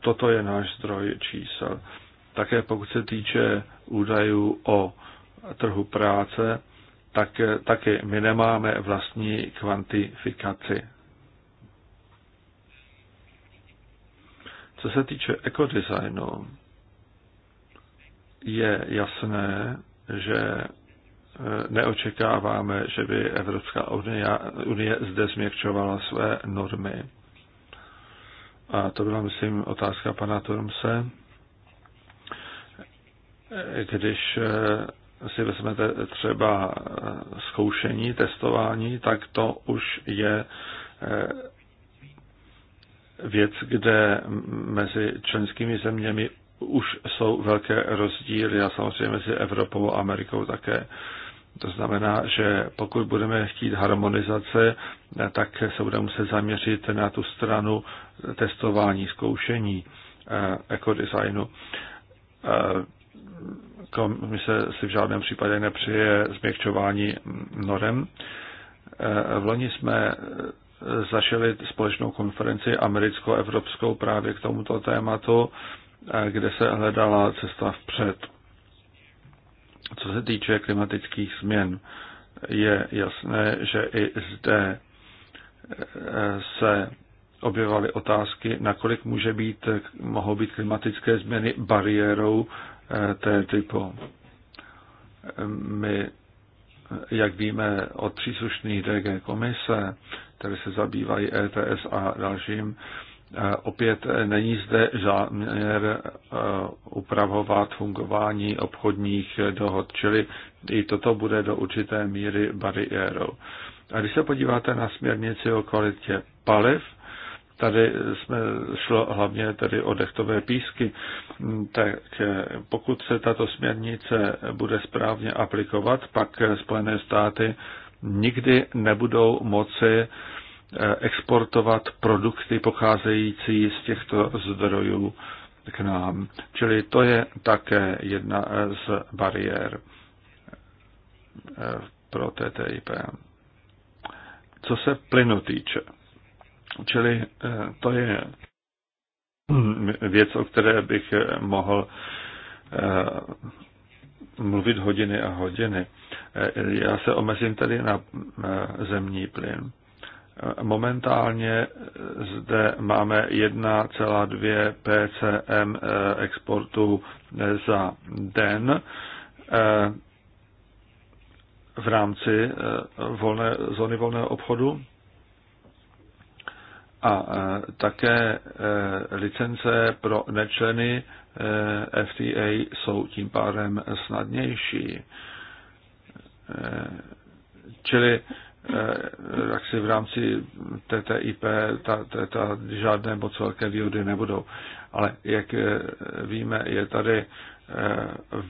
toto je náš zdroj čísel. Také pokud se týče údajů o trhu práce, tak e, taky my nemáme vlastní kvantifikaci. Co se týče ekodesignu, je jasné, že eh, neočekáváme, že by Evropská unie, unie zde změkčovala své normy. A to byla, myslím, otázka pana Turmse. Když eh, si vezmete třeba eh, zkoušení, testování, tak to už je věc, kde mezi členskými zeměmi už jsou velké rozdíly a samozřejmě mezi Evropou a Amerikou také. To znamená, že pokud budeme chtít harmonizace, tak se budeme muset zaměřit na tu stranu testování, zkoušení eh, ekodesignu. Eh, komise si v žádném případě nepřije změkčování norem. V eh, loni jsme zašeli společnou konferenci americko-evropskou právě k tomuto tématu kde se hledala cesta vpřed. Co se týče klimatických změn, je jasné, že i zde eh, se objevaly otázky, nakolik může být, mohou být klimatické změny bariérou eh, té typu. My, jak víme od příslušných DG komise, které se zabývají ETS a dalším, Eh, opět eh, není zde záměr eh, upravovat fungování obchodních dohod, čili i toto bude do určité míry bariérou. A když se podíváte na směrnici o kvalitě paliv, tady jsme šlo hlavně tedy o dechtové písky, hm, tak pokud se tato směrnice bude správně aplikovat, pak Spojené státy nikdy nebudou moci Eh, exportovat produkty pocházející z těchto zdrojů k nám. Čili to je také jedna eh, z bariér eh, pro TTIP. Co se plynu týče, čili to je věc, o které bych mohl mluvit hodiny a hodiny. Já se omezím tady na zemní plyn. Momentálně zde máme 1,2 PCM eh, exportu eh, za den eh, v rámci volné, zóny volného obchodu a také licence pro nečleny FTA jsou tím pádem snadnější. Čili Eh, jak si v rámci TTIP ta, ta, ta, žádné moc velké výhody nebudou. Ale jak eh, víme, je tady eh,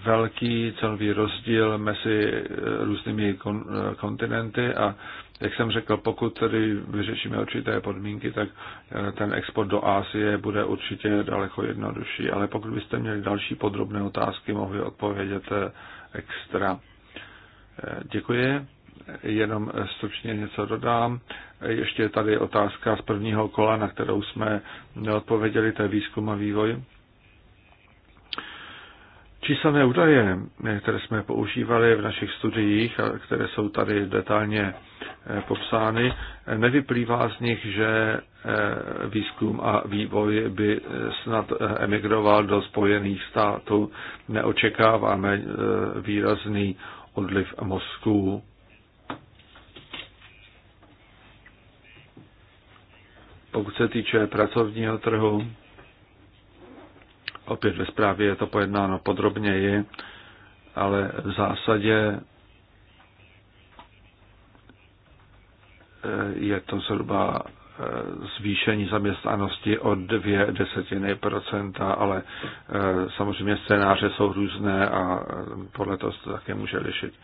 velký cenový rozdíl mezi různými kon, kontinenty a jak jsem řekl, pokud tedy vyřešíme určité podmínky, tak ten export do Asie bude určitě daleko jednodušší. Ale pokud byste měli další podrobné otázky, mohli odpovědět extra. Děkuji jenom stručně něco dodám. Ještě je tady otázka z prvního kola, na kterou jsme neodpověděli, to je výzkum a vývoj. Číselné údaje, které jsme používali v našich studiích a které jsou tady detailně eh, popsány, nevyplývá z nich, že eh, výzkum a vývoj by eh, snad emigroval do Spojených států. Neočekáváme výrazný odliv mozků. Pokud se týče pracovního trhu, opět ve zprávě je to pojednáno podrobněji, ale v zásadě eh, je to zhruba eh, zvýšení zaměstnanosti o dvě desetiny procenta, ale eh, samozřejmě scénáře jsou různé a podle toho se to také může lišit.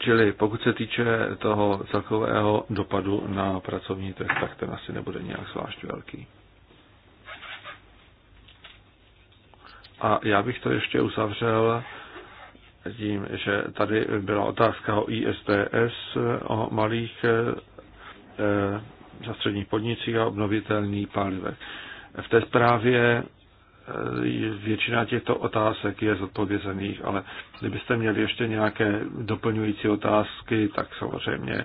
Čili pokud se týče toho celkového dopadu na pracovní trh, tak ten asi nebude nějak zvlášť velký. A já bych to ještě uzavřel tím, že tady byla otázka o ISTS, o malých e, eh, eh, zastředních podnicích a obnovitelných palivech. V té zprávě Eh, většina těchto otázek je zodpovězených, ale kdybyste měli ještě nějaké doplňující otázky, tak samozřejmě eh,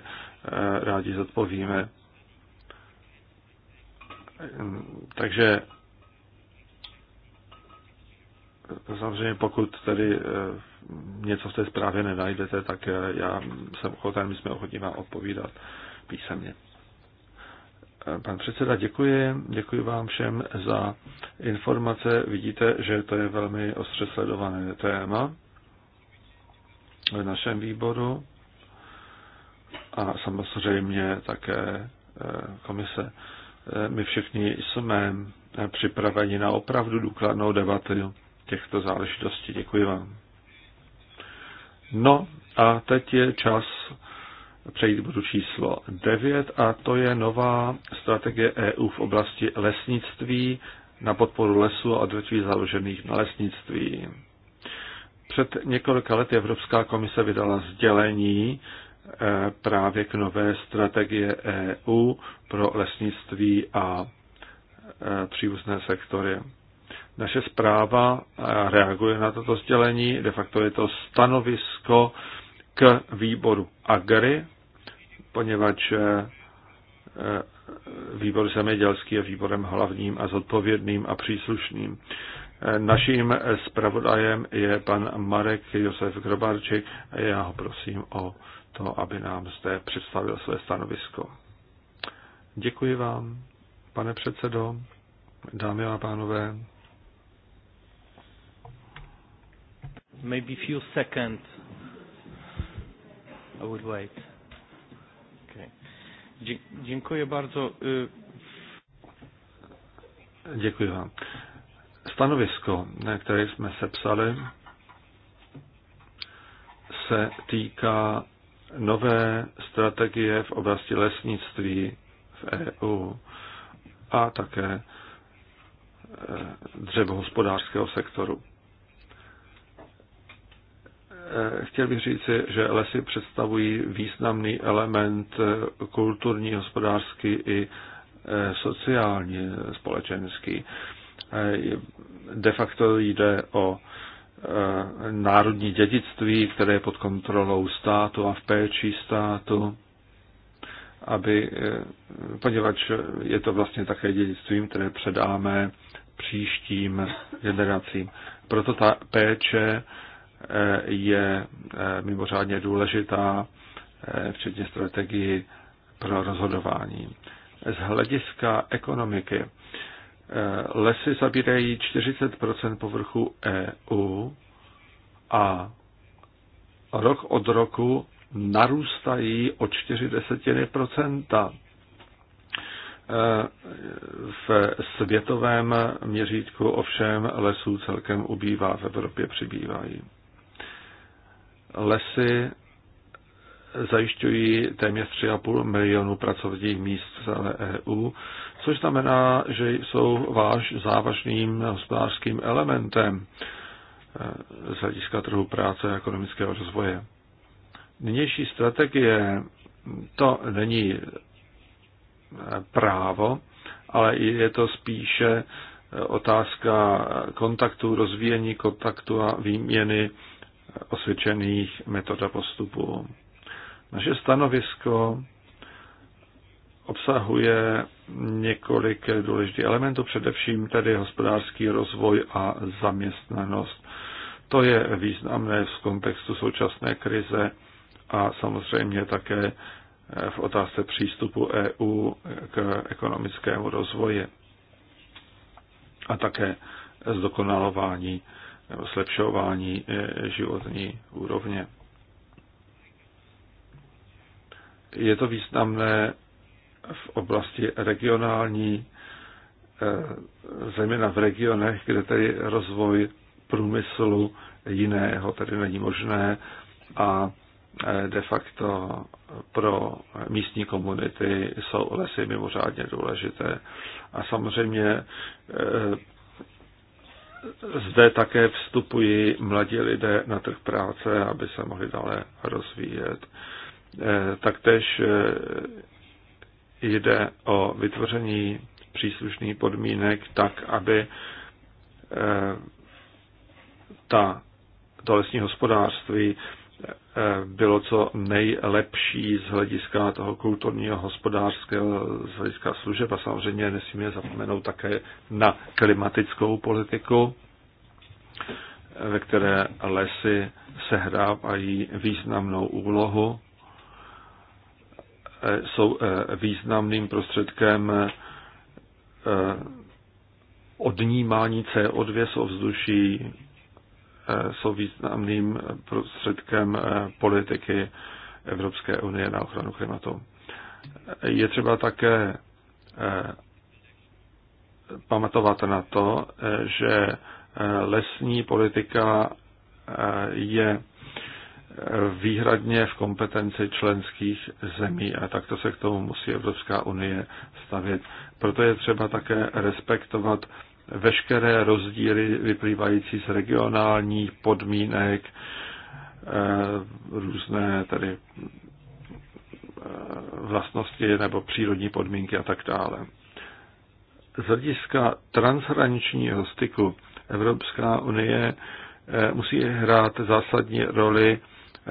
rádi zodpovíme. Takže eh, samozřejmě pokud tedy něco v té zprávě nenajdete, tak já jsem ochoten, my jsme ochotní vám odpovídat písemně. Pan předseda, děkuji. Děkuji vám všem za informace. Vidíte, že to je velmi ostře sledované téma v našem výboru a samozřejmě také eh, komise. Eh, my všichni jsme připraveni na opravdu důkladnou debatu těchto záležitostí. Děkuji vám. No a teď je čas přejít k bodu číslo 9 a to je nová strategie EU v oblasti lesnictví na podporu lesů a odvětví založených na lesnictví. Před několika lety Evropská komise vydala sdělení e, právě k nové strategie EU pro lesnictví a e, příbuzné sektory. Naše zpráva e, reaguje na toto sdělení, de facto je to stanovisko k výboru AGRI poněvadž eh, eh, výbor zemědělský je výborem hlavním a zodpovědným a příslušným. Eh, naším zpravodajem je pan Marek Josef Grobarček a já ho prosím o to, aby nám zde představil své stanovisko. Děkuji vám, pane předsedo, dámy a pánové. Maybe few seconds. I would wait. Děkuji bardzo. Děkuji vám. Stanovisko, na které jsme sepsali, se týká nové strategie v oblasti lesnictví v EU a také eh, dřevohospodářského sektoru. Eh, chtěl bych říci, že lesy představují významný element eh, kulturní, hospodářský i eh, sociální, společenský. De facto jde o národní dědictví, které je pod kontrolou státu a v péči státu, aby, poněvadž je to vlastně také dědictvím, které předáme příštím generacím. Proto ta péče je eh, mimořádně důležitá, eh, včetně strategii pro rozhodování. Z hlediska ekonomiky eh, lesy zabírají 40 povrchu EU a rok od roku narůstají o 4 desetiny procenta. V světovém měřítku ovšem lesů celkem ubývá, v Evropě přibývají lesy zajišťují téměř 3,5 milionu pracovních míst v celé EU, což znamená, že jsou váš závažným hospodářským elementem eh, z hlediska trhu práce a ekonomického rozvoje. Nynější strategie to není eh, právo, ale je to spíše eh, otázka kontaktu, rozvíjení kontaktu a výměny osvědčených metod a postupů. Naše stanovisko obsahuje několik důležitých elementů, především tedy hospodářský rozvoj a zaměstnanost. To je významné v kontextu současné krize a samozřejmě také v otázce přístupu EU k ekonomickému rozvoji a také zdokonalování nebo zlepšování e, životní úrovně. Je to významné v oblasti regionální, e, zejména v regionech, kde tedy rozvoj průmyslu jiného tedy není možné a e, de facto pro místní komunity jsou lesy mimořádně důležité. A samozřejmě zde také vstupují mladí lidé na trh práce, aby se mohli dále rozvíjet. Eh, taktéž eh, jde o vytvoření příslušných podmínek tak, aby eh, ta, to lesní hospodářství Eh, bylo co nejlepší z hlediska toho kulturního, hospodářského, z hlediska služeb a samozřejmě nesmíme zapomenout také na klimatickou politiku, eh, ve které lesy sehrávají významnou úlohu, eh, jsou významným prostředkem odnímání CO2 z ovzduší, jsou významným prostředkem eh, politiky Evropské unie na ochranu klimatu. Je třeba také eh, pamatovat na to, eh, že lesní politika je výhradně v kompetenci členských zemí a takto se k tomu musí Evropská unie stavit. Proto je třeba také respektovat veškeré rozdíly vyplývající z regionálních podmínek, eh, různé tady eh, vlastnosti nebo přírodní podmínky a tak dále. Z hlediska transhraničního styku Evropská unie eh, musí hrát zásadní roli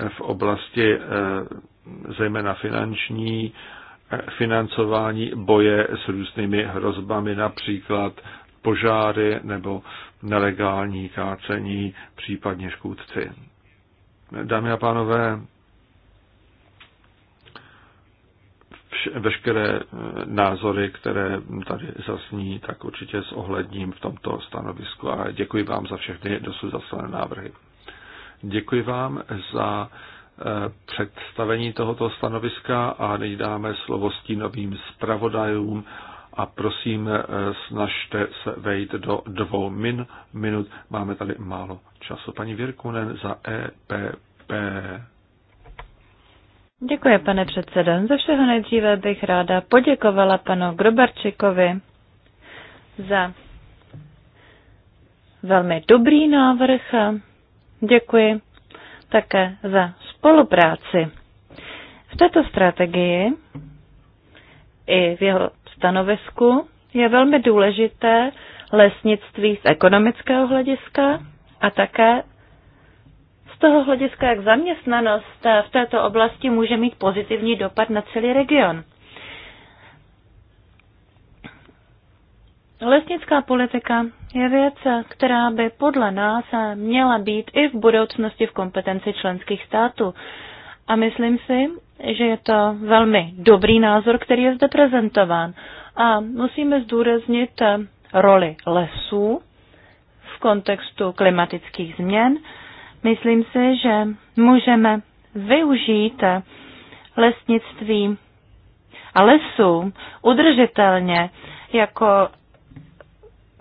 v oblasti zejména finanční, financování boje s různými hrozbami, například požáry nebo nelegální kácení, případně škůdci. Dámy a pánové, veškeré eh, názory, které tady zasní, tak určitě s ohledním v tomto stanovisku. A děkuji vám za všechny dosud zaslané návrhy. Děkuji vám za eh, představení tohoto stanoviska a nejdáme dáme slovo stínovým zpravodajům a prosím, eh, snažte se vejít do dvou min, minut. Máme tady málo času. Paní Virkunen za EPP. Děkuji, pane předsedo. Ze všeho nejdříve bych ráda poděkovala panu Grobarčikovi za velmi dobrý návrh. Děkuji také za spolupráci. V této strategii i v jeho stanovisku je velmi důležité lesnictví z ekonomického hlediska a také z toho hlediska, jak zaměstnanost v této oblasti může mít pozitivní dopad na celý region. Lesnická politika je věc, která by podle nás měla být i v budoucnosti v kompetenci členských států. A myslím si, že je to velmi dobrý názor, který je zde prezentován. A musíme zdůraznit eh, roli lesů v kontextu klimatických změn. Myslím si, že můžeme využít eh, lesnictví a lesů udržitelně jako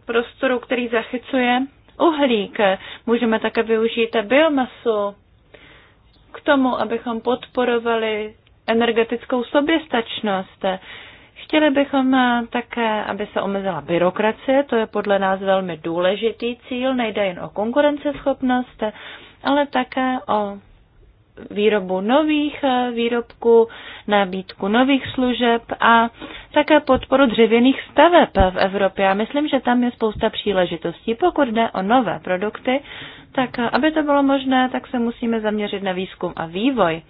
prostoru, který zachycuje uhlík. Můžeme také využít biomasu, k tomu, abychom podporovali energetickou soběstačnost. Chtěli bychom eh, také, aby se omezila byrokracie, to je podle nás velmi důležitý cíl, nejde jen o konkurenceschopnost, ale také o výrobu nových eh, výrobků, nabídku nových služeb a také podporu dřevěných staveb v Evropě. A myslím, že tam je spousta příležitostí. Pokud jde o nové produkty, tak eh, aby to bylo možné, tak se musíme zaměřit na výzkum a vývoj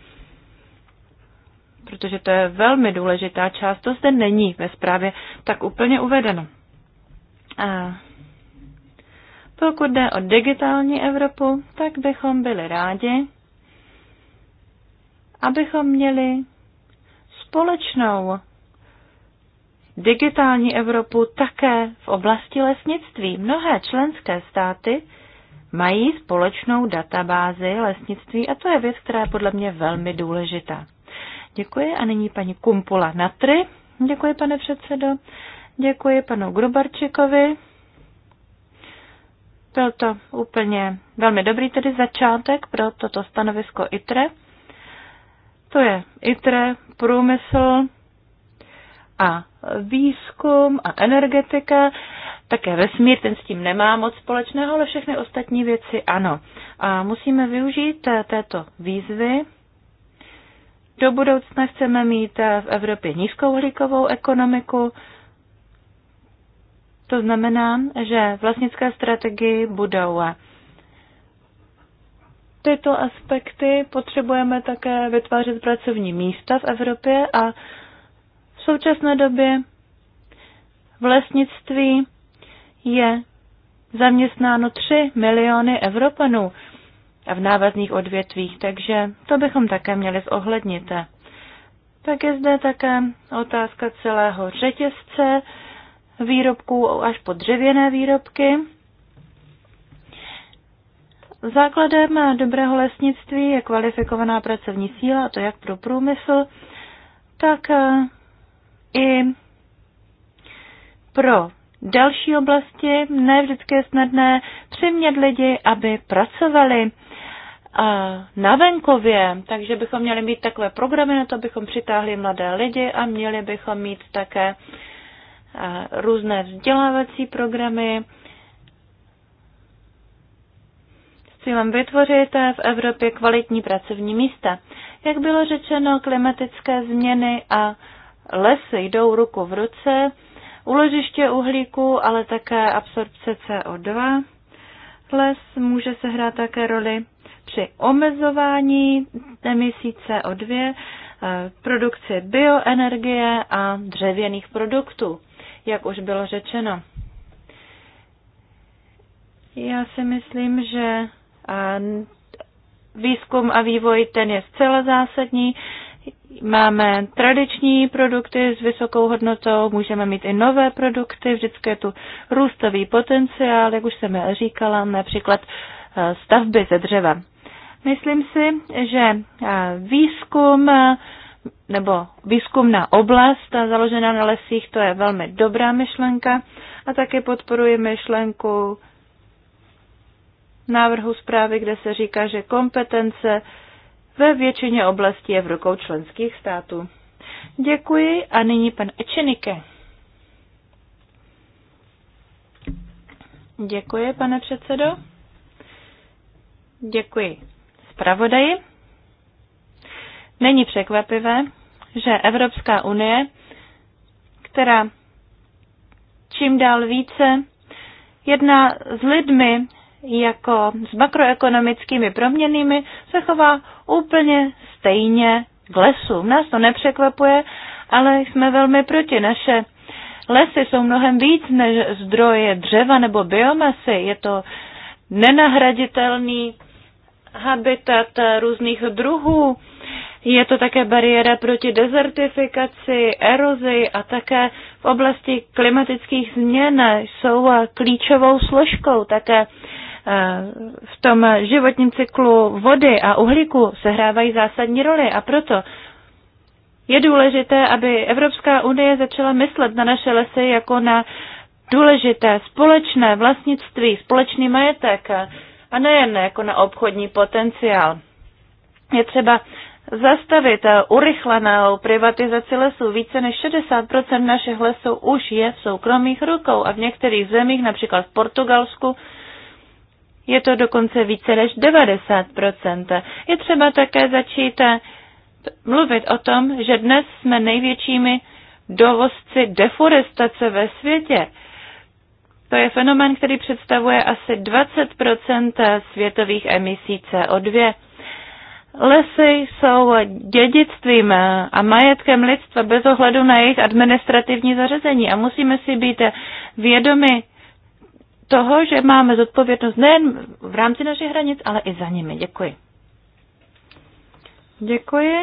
protože to je velmi důležitá část, to zde není ve zprávě tak úplně uvedeno. A pokud jde o digitální Evropu, tak bychom byli rádi, abychom měli společnou digitální Evropu také v oblasti lesnictví. Mnohé členské státy mají společnou databázi lesnictví a to je věc, která je podle mě velmi důležitá. Děkuji a nyní paní Kumpula Natry. Děkuji, pane předsedo. Děkuji panu Grubarčikovi. Byl to úplně velmi dobrý tedy začátek pro toto stanovisko ITRE to je ITRE, průmysl a výzkum a energetika, také vesmír, ten s tím nemá moc společného, ale všechny ostatní věci ano. A musíme využít této výzvy. Do budoucna chceme mít v Evropě nízkouhlíkovou ekonomiku. To znamená, že vlastnické strategie budou tyto aspekty potřebujeme také vytvářet pracovní místa v Evropě a v současné době v lesnictví je zaměstnáno 3 miliony Evropanů a v návazných odvětvích, takže to bychom také měli zohlednit. Tak je zde také otázka celého řetězce výrobků až po dřevěné výrobky. Základem dobrého lesnictví je kvalifikovaná pracovní síla, a to jak pro průmysl, tak eh, i pro další oblasti. Ne vždycky je snadné přimět lidi, aby pracovali eh, na venkově, takže bychom měli mít takové programy na to, abychom přitáhli mladé lidi a měli bychom mít také eh, různé vzdělávací programy, cílem vytvořit v Evropě kvalitní pracovní místa. Jak bylo řečeno, klimatické změny a lesy jdou ruku v ruce, uložiště uhlíku, ale také absorpce CO2. Les může se hrát také roli při omezování emisí CO2, eh, produkci bioenergie a dřevěných produktů, jak už bylo řečeno. Já si myslím, že Výzkum a vývoj ten je zcela zásadní. Máme tradiční produkty s vysokou hodnotou, můžeme mít i nové produkty, vždycky je tu růstový potenciál, jak už jsem říkala, například eh, stavby ze dřeva. Myslím si, že eh, výzkum eh, nebo výzkumná oblast založená na lesích, to je velmi dobrá myšlenka a také podporuji myšlenku návrhu zprávy, kde se říká, že kompetence ve většině oblastí je v rukou členských států. Děkuji a nyní pan Ečenike. Děkuji, pane předsedo. Děkuji zpravodaji. Není překvapivé, že Evropská unie, která čím dál více jedná s lidmi, jako s makroekonomickými proměnými se chová úplně stejně k lesu. Nás to nepřekvapuje, ale jsme velmi proti. Naše lesy jsou mnohem víc než zdroje dřeva nebo biomasy. Je to nenahraditelný habitat různých druhů. Je to také bariéra proti dezertifikaci, erozi a také v oblasti klimatických změn jsou klíčovou složkou. Také Eh, v tom životním cyklu vody a uhlíku sehrávají zásadní roli a proto je důležité, aby Evropská unie začala myslet na naše lesy jako na důležité společné vlastnictví, společný majetek a nejen jako na obchodní potenciál. Je třeba zastavit urychlenou privatizaci lesů. Více než 60% našich lesů už je v soukromých rukou a v některých zemích, například v Portugalsku, je to dokonce více než 90%. Je třeba také začít eh, mluvit o tom, že dnes jsme největšími dovozci deforestace ve světě. To je fenomén, který představuje asi 20 světových emisí CO2. Lesy jsou dědictvím eh, a majetkem lidstva bez ohledu na jejich administrativní zařazení a musíme si být eh, vědomi toho, že máme zodpovědnost nejen v rámci našich hranic, ale i za nimi. Děkuji. Děkuji.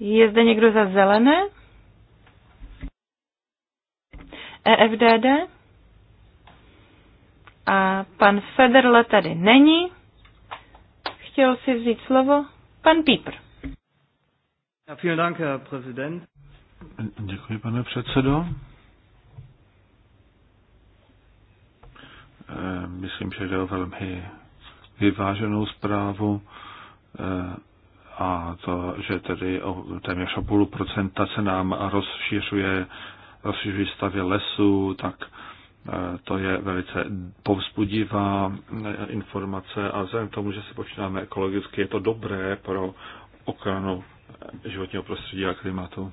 Je zde někdo za zelené? EFDD? A pan Federle tady není. Chtěl si vzít slovo pan Pípr. Děkuji, pane předsedo. Eh, myslím, že jde o velmi vyváženou zprávu eh, a to, že tedy o téměř o půl procenta se nám rozšiřuje, rozšiřují stavě lesů, tak eh, to je velice povzbudivá informace a vzhledem k tomu, že se počínáme ekologicky, je to dobré pro ochranu životního prostředí a klimatu.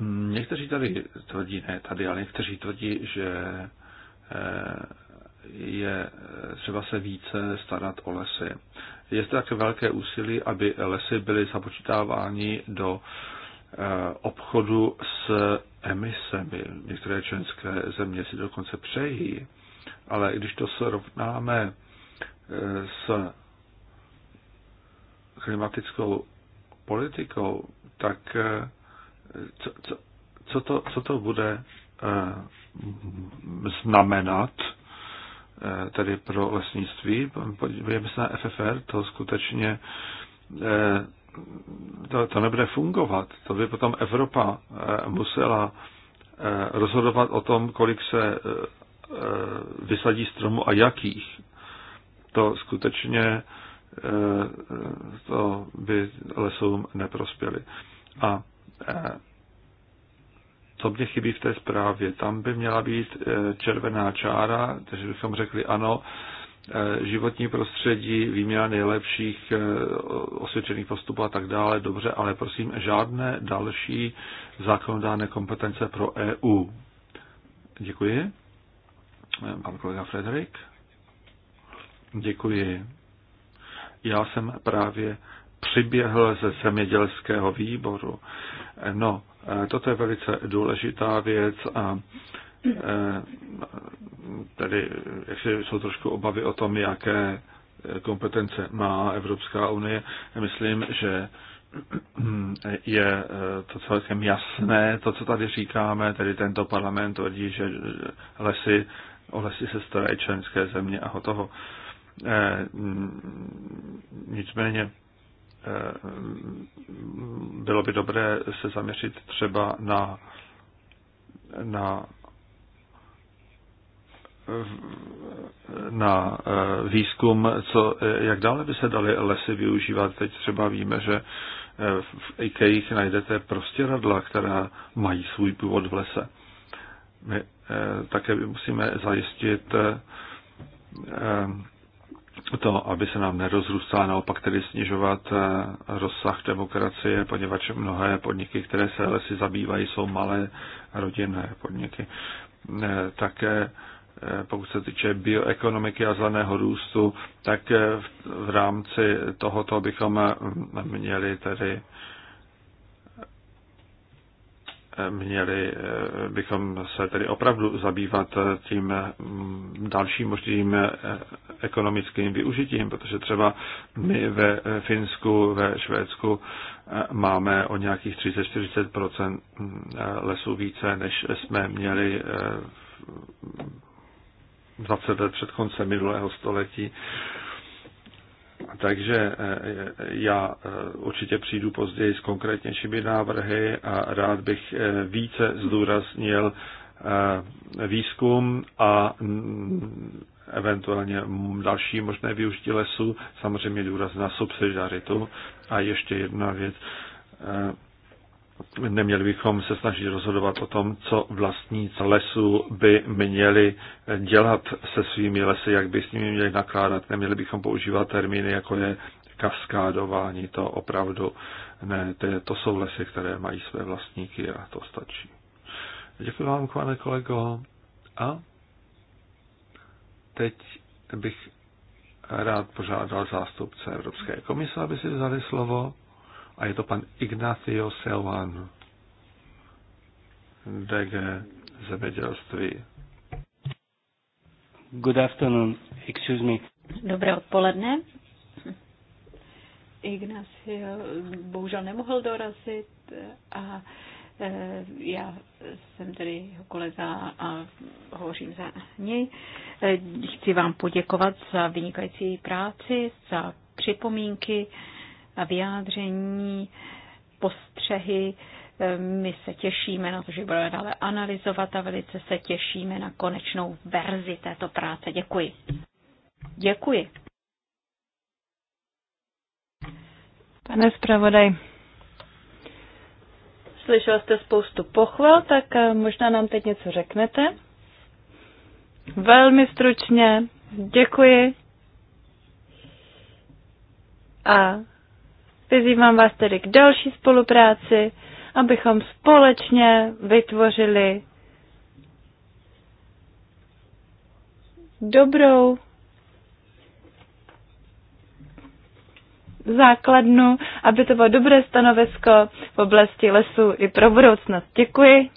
Hm, někteří tady tvrdí, ne tady, ale někteří tvrdí, že eh, je třeba se více starat o lesy. Je zde také velké úsilí, aby lesy byly započítávány do eh, obchodu s emisemi. Některé členské země si dokonce přejí, ale když to srovnáme eh, s klimatickou politikou, tak co, co, co, to, co to bude eh, znamenat eh, tedy pro lesnictví. Podívejme se na FFR, to skutečně eh, to, to nebude fungovat. To by potom Evropa musela rozhodovat o tom, kolik se vysadí stromu a jakých. To skutečně to by lesům neprospěly. A Eh, co mě chybí v té zprávě. Tam by měla být eh, červená čára, takže bychom řekli ano, eh, životní prostředí, výměna nejlepších osvědčených postupů a tak dále, dobře, ale prosím, žádné další zákonodárné kompetence pro EU. Děkuji. Pan kolega Frederik. Děkuji. Já jsem právě přiběhl ze zemědělského výboru No, eh, toto je velice důležitá věc a eh, tedy eh, jak si jsou trošku obavy o tom, jaké kompetence má Evropská unie. Myslím, že je to celkem jasné, to, co tady říkáme, tedy tento parlament tvrdí, že lesy, o lesy se starají členské země a hotovo. Mm, nicméně Eh, bylo by dobré se zaměřit třeba na, na, na eh, výzkum, co, eh, jak dále by se daly lesy využívat. Teď třeba víme, že v IKEA najdete prostě radla, která mají svůj původ v lese. My také musíme zajistit to, aby se nám nerozrůstala, naopak tedy snižovat eh, rozsah demokracie, poněvadž mnohé podniky, které se lesy zabývají, jsou malé rodinné podniky. Eh, také eh, pokud se týče bioekonomiky a zeleného růstu, tak v rámci tohoto bychom měli tedy měli eh, bychom se tedy opravdu zabývat eh, tím mm, dalším možným eh, ekonomickým využitím, protože třeba my ve Finsku, ve Švédsku máme o nějakých 30-40 mm, lesů více, než jsme měli 20 let před koncem minulého století. Takže eh, já eh, určitě přijdu později s konkrétnějšími návrhy a rád bych eh, více zdůraznil výzkum a mm, eventuálně mm, další možné využití lesu, samozřejmě důraz na subsidiaritu. A ještě jedna věc. Neměli bychom se snažit rozhodovat o tom, co vlastníci lesů by měli dělat se svými lesy, jak by s nimi měli nakládat. Neměli bychom používat termíny, jako je kaskádování, to opravdu ne. To, to jsou lesy, které mají své vlastníky a to stačí. Děkuji vám, pane kolego. A teď bych rád požádal zástupce Evropské komise, aby si vzali slovo a je to pan Ignacio Selvan, DG zemědělství. Good afternoon, excuse me. Dobré odpoledne. Ignacio bohužel nemohl dorazit a e, já jsem tedy jeho kolega a hovořím za něj. E, chci vám poděkovat za vynikající práci, za připomínky a vyjádření, postřehy. E, my se těšíme na to, že budeme dále analyzovat a velice se těšíme na konečnou verzi této práce. Děkuji. Děkuji. Pane zpravodaj, slyšel jste spoustu pochval, tak e, možná nám teď něco řeknete. Velmi stručně, děkuji. A Vyzývám vás tedy k další spolupráci, abychom společně vytvořili dobrou základnu, aby to bylo dobré stanovisko v oblasti lesu i pro budoucnost. Děkuji,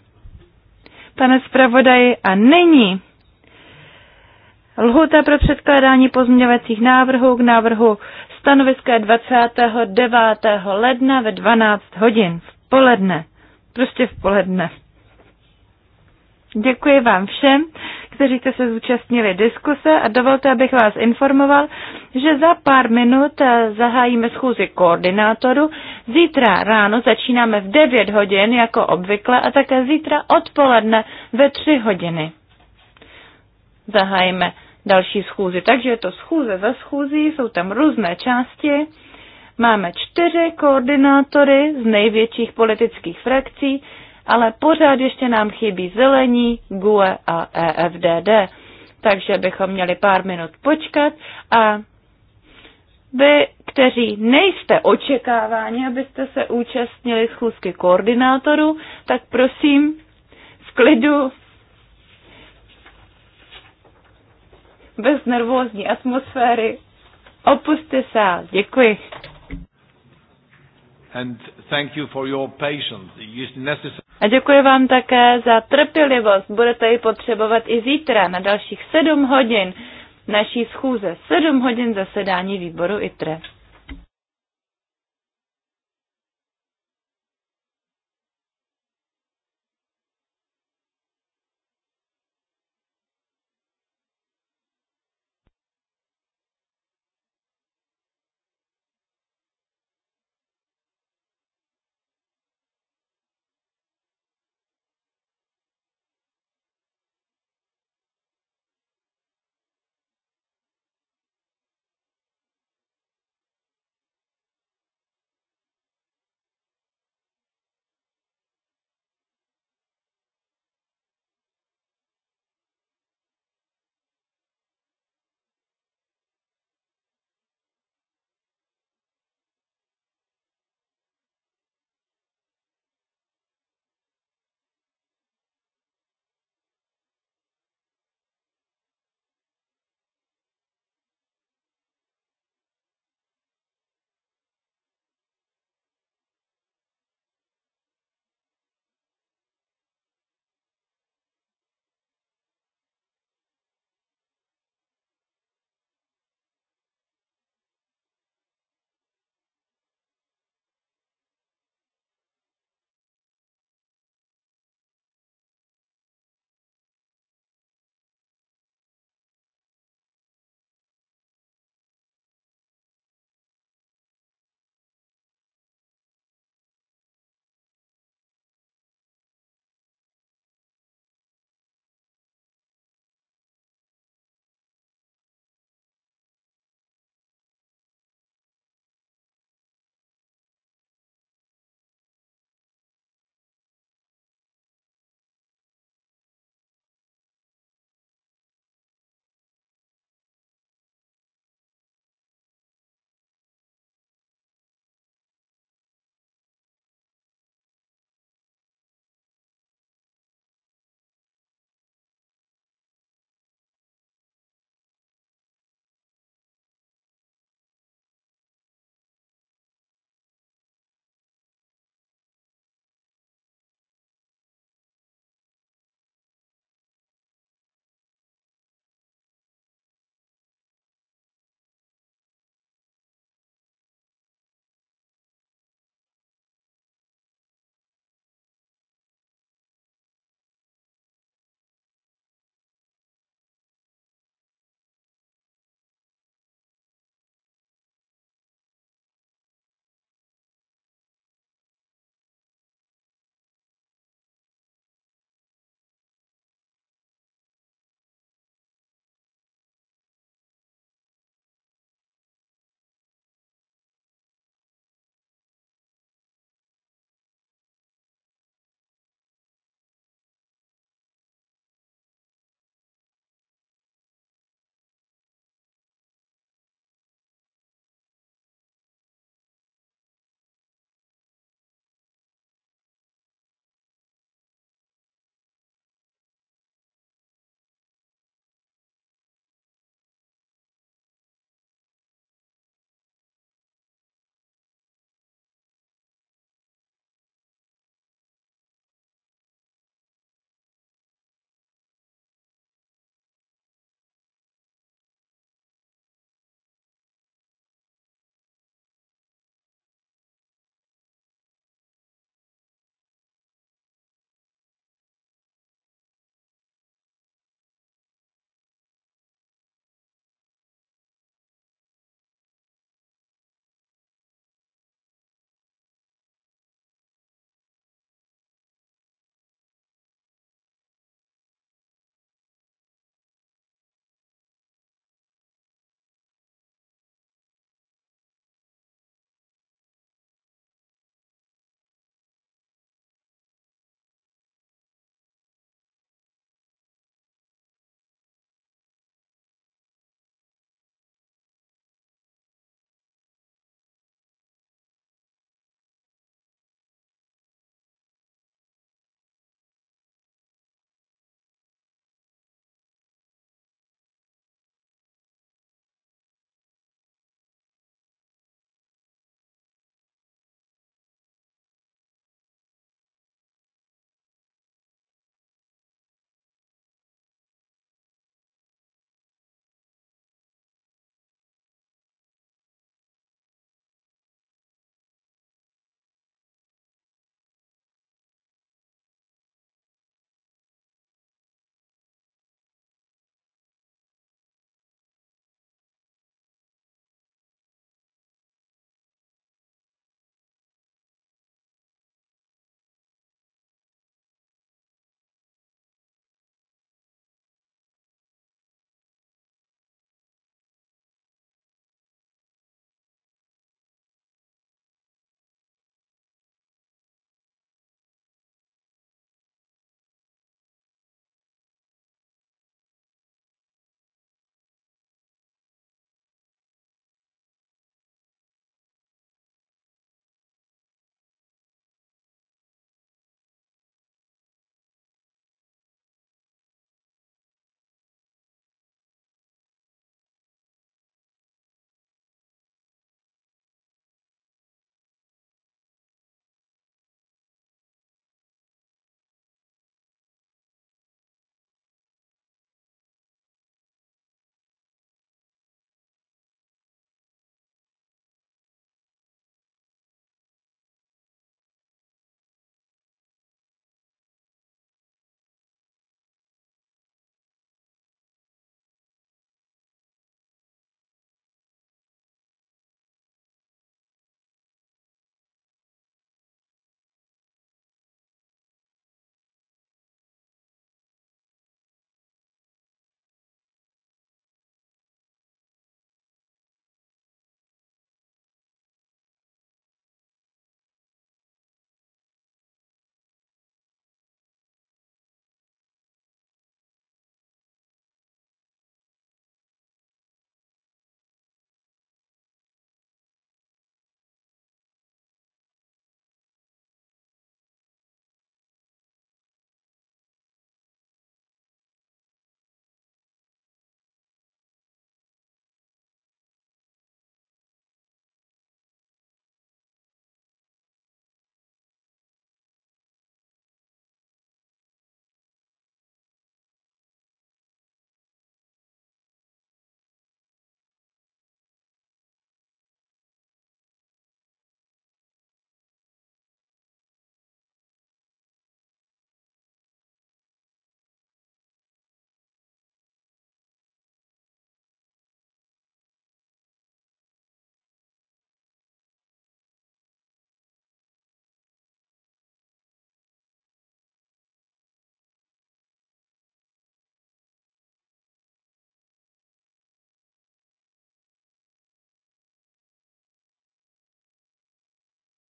pane zpravodaji. A nyní lhuta pro předkládání pozměňovacích návrhů k návrhu Stanoviska je 29. ledna ve 12 hodin v poledne. Prostě v poledne. Děkuji vám všem, kteří jste se zúčastnili diskuse a dovolte, abych vás informoval, že za pár minut eh, zahájíme schůzi koordinátoru. Zítra ráno začínáme v 9 hodin jako obvykle a také zítra odpoledne ve 3 hodiny. Zahájíme další schůzi. Takže je to schůze za schůzí, jsou tam různé části. Máme čtyři koordinátory z největších politických frakcí, ale pořád ještě nám chybí zelení, GUE a EFDD. Takže bychom měli pár minut počkat a vy, kteří nejste očekáváni, abyste se účastnili schůzky koordinátorů, tak prosím v klidu bez nervózní atmosféry. Opuste sál. Děkuji. And thank you for your patience. A děkuji vám také za trpělivost. Budete ji potřebovat i zítra na dalších sedm hodin naší schůze. sedm hodin zasedání výboru ITRE.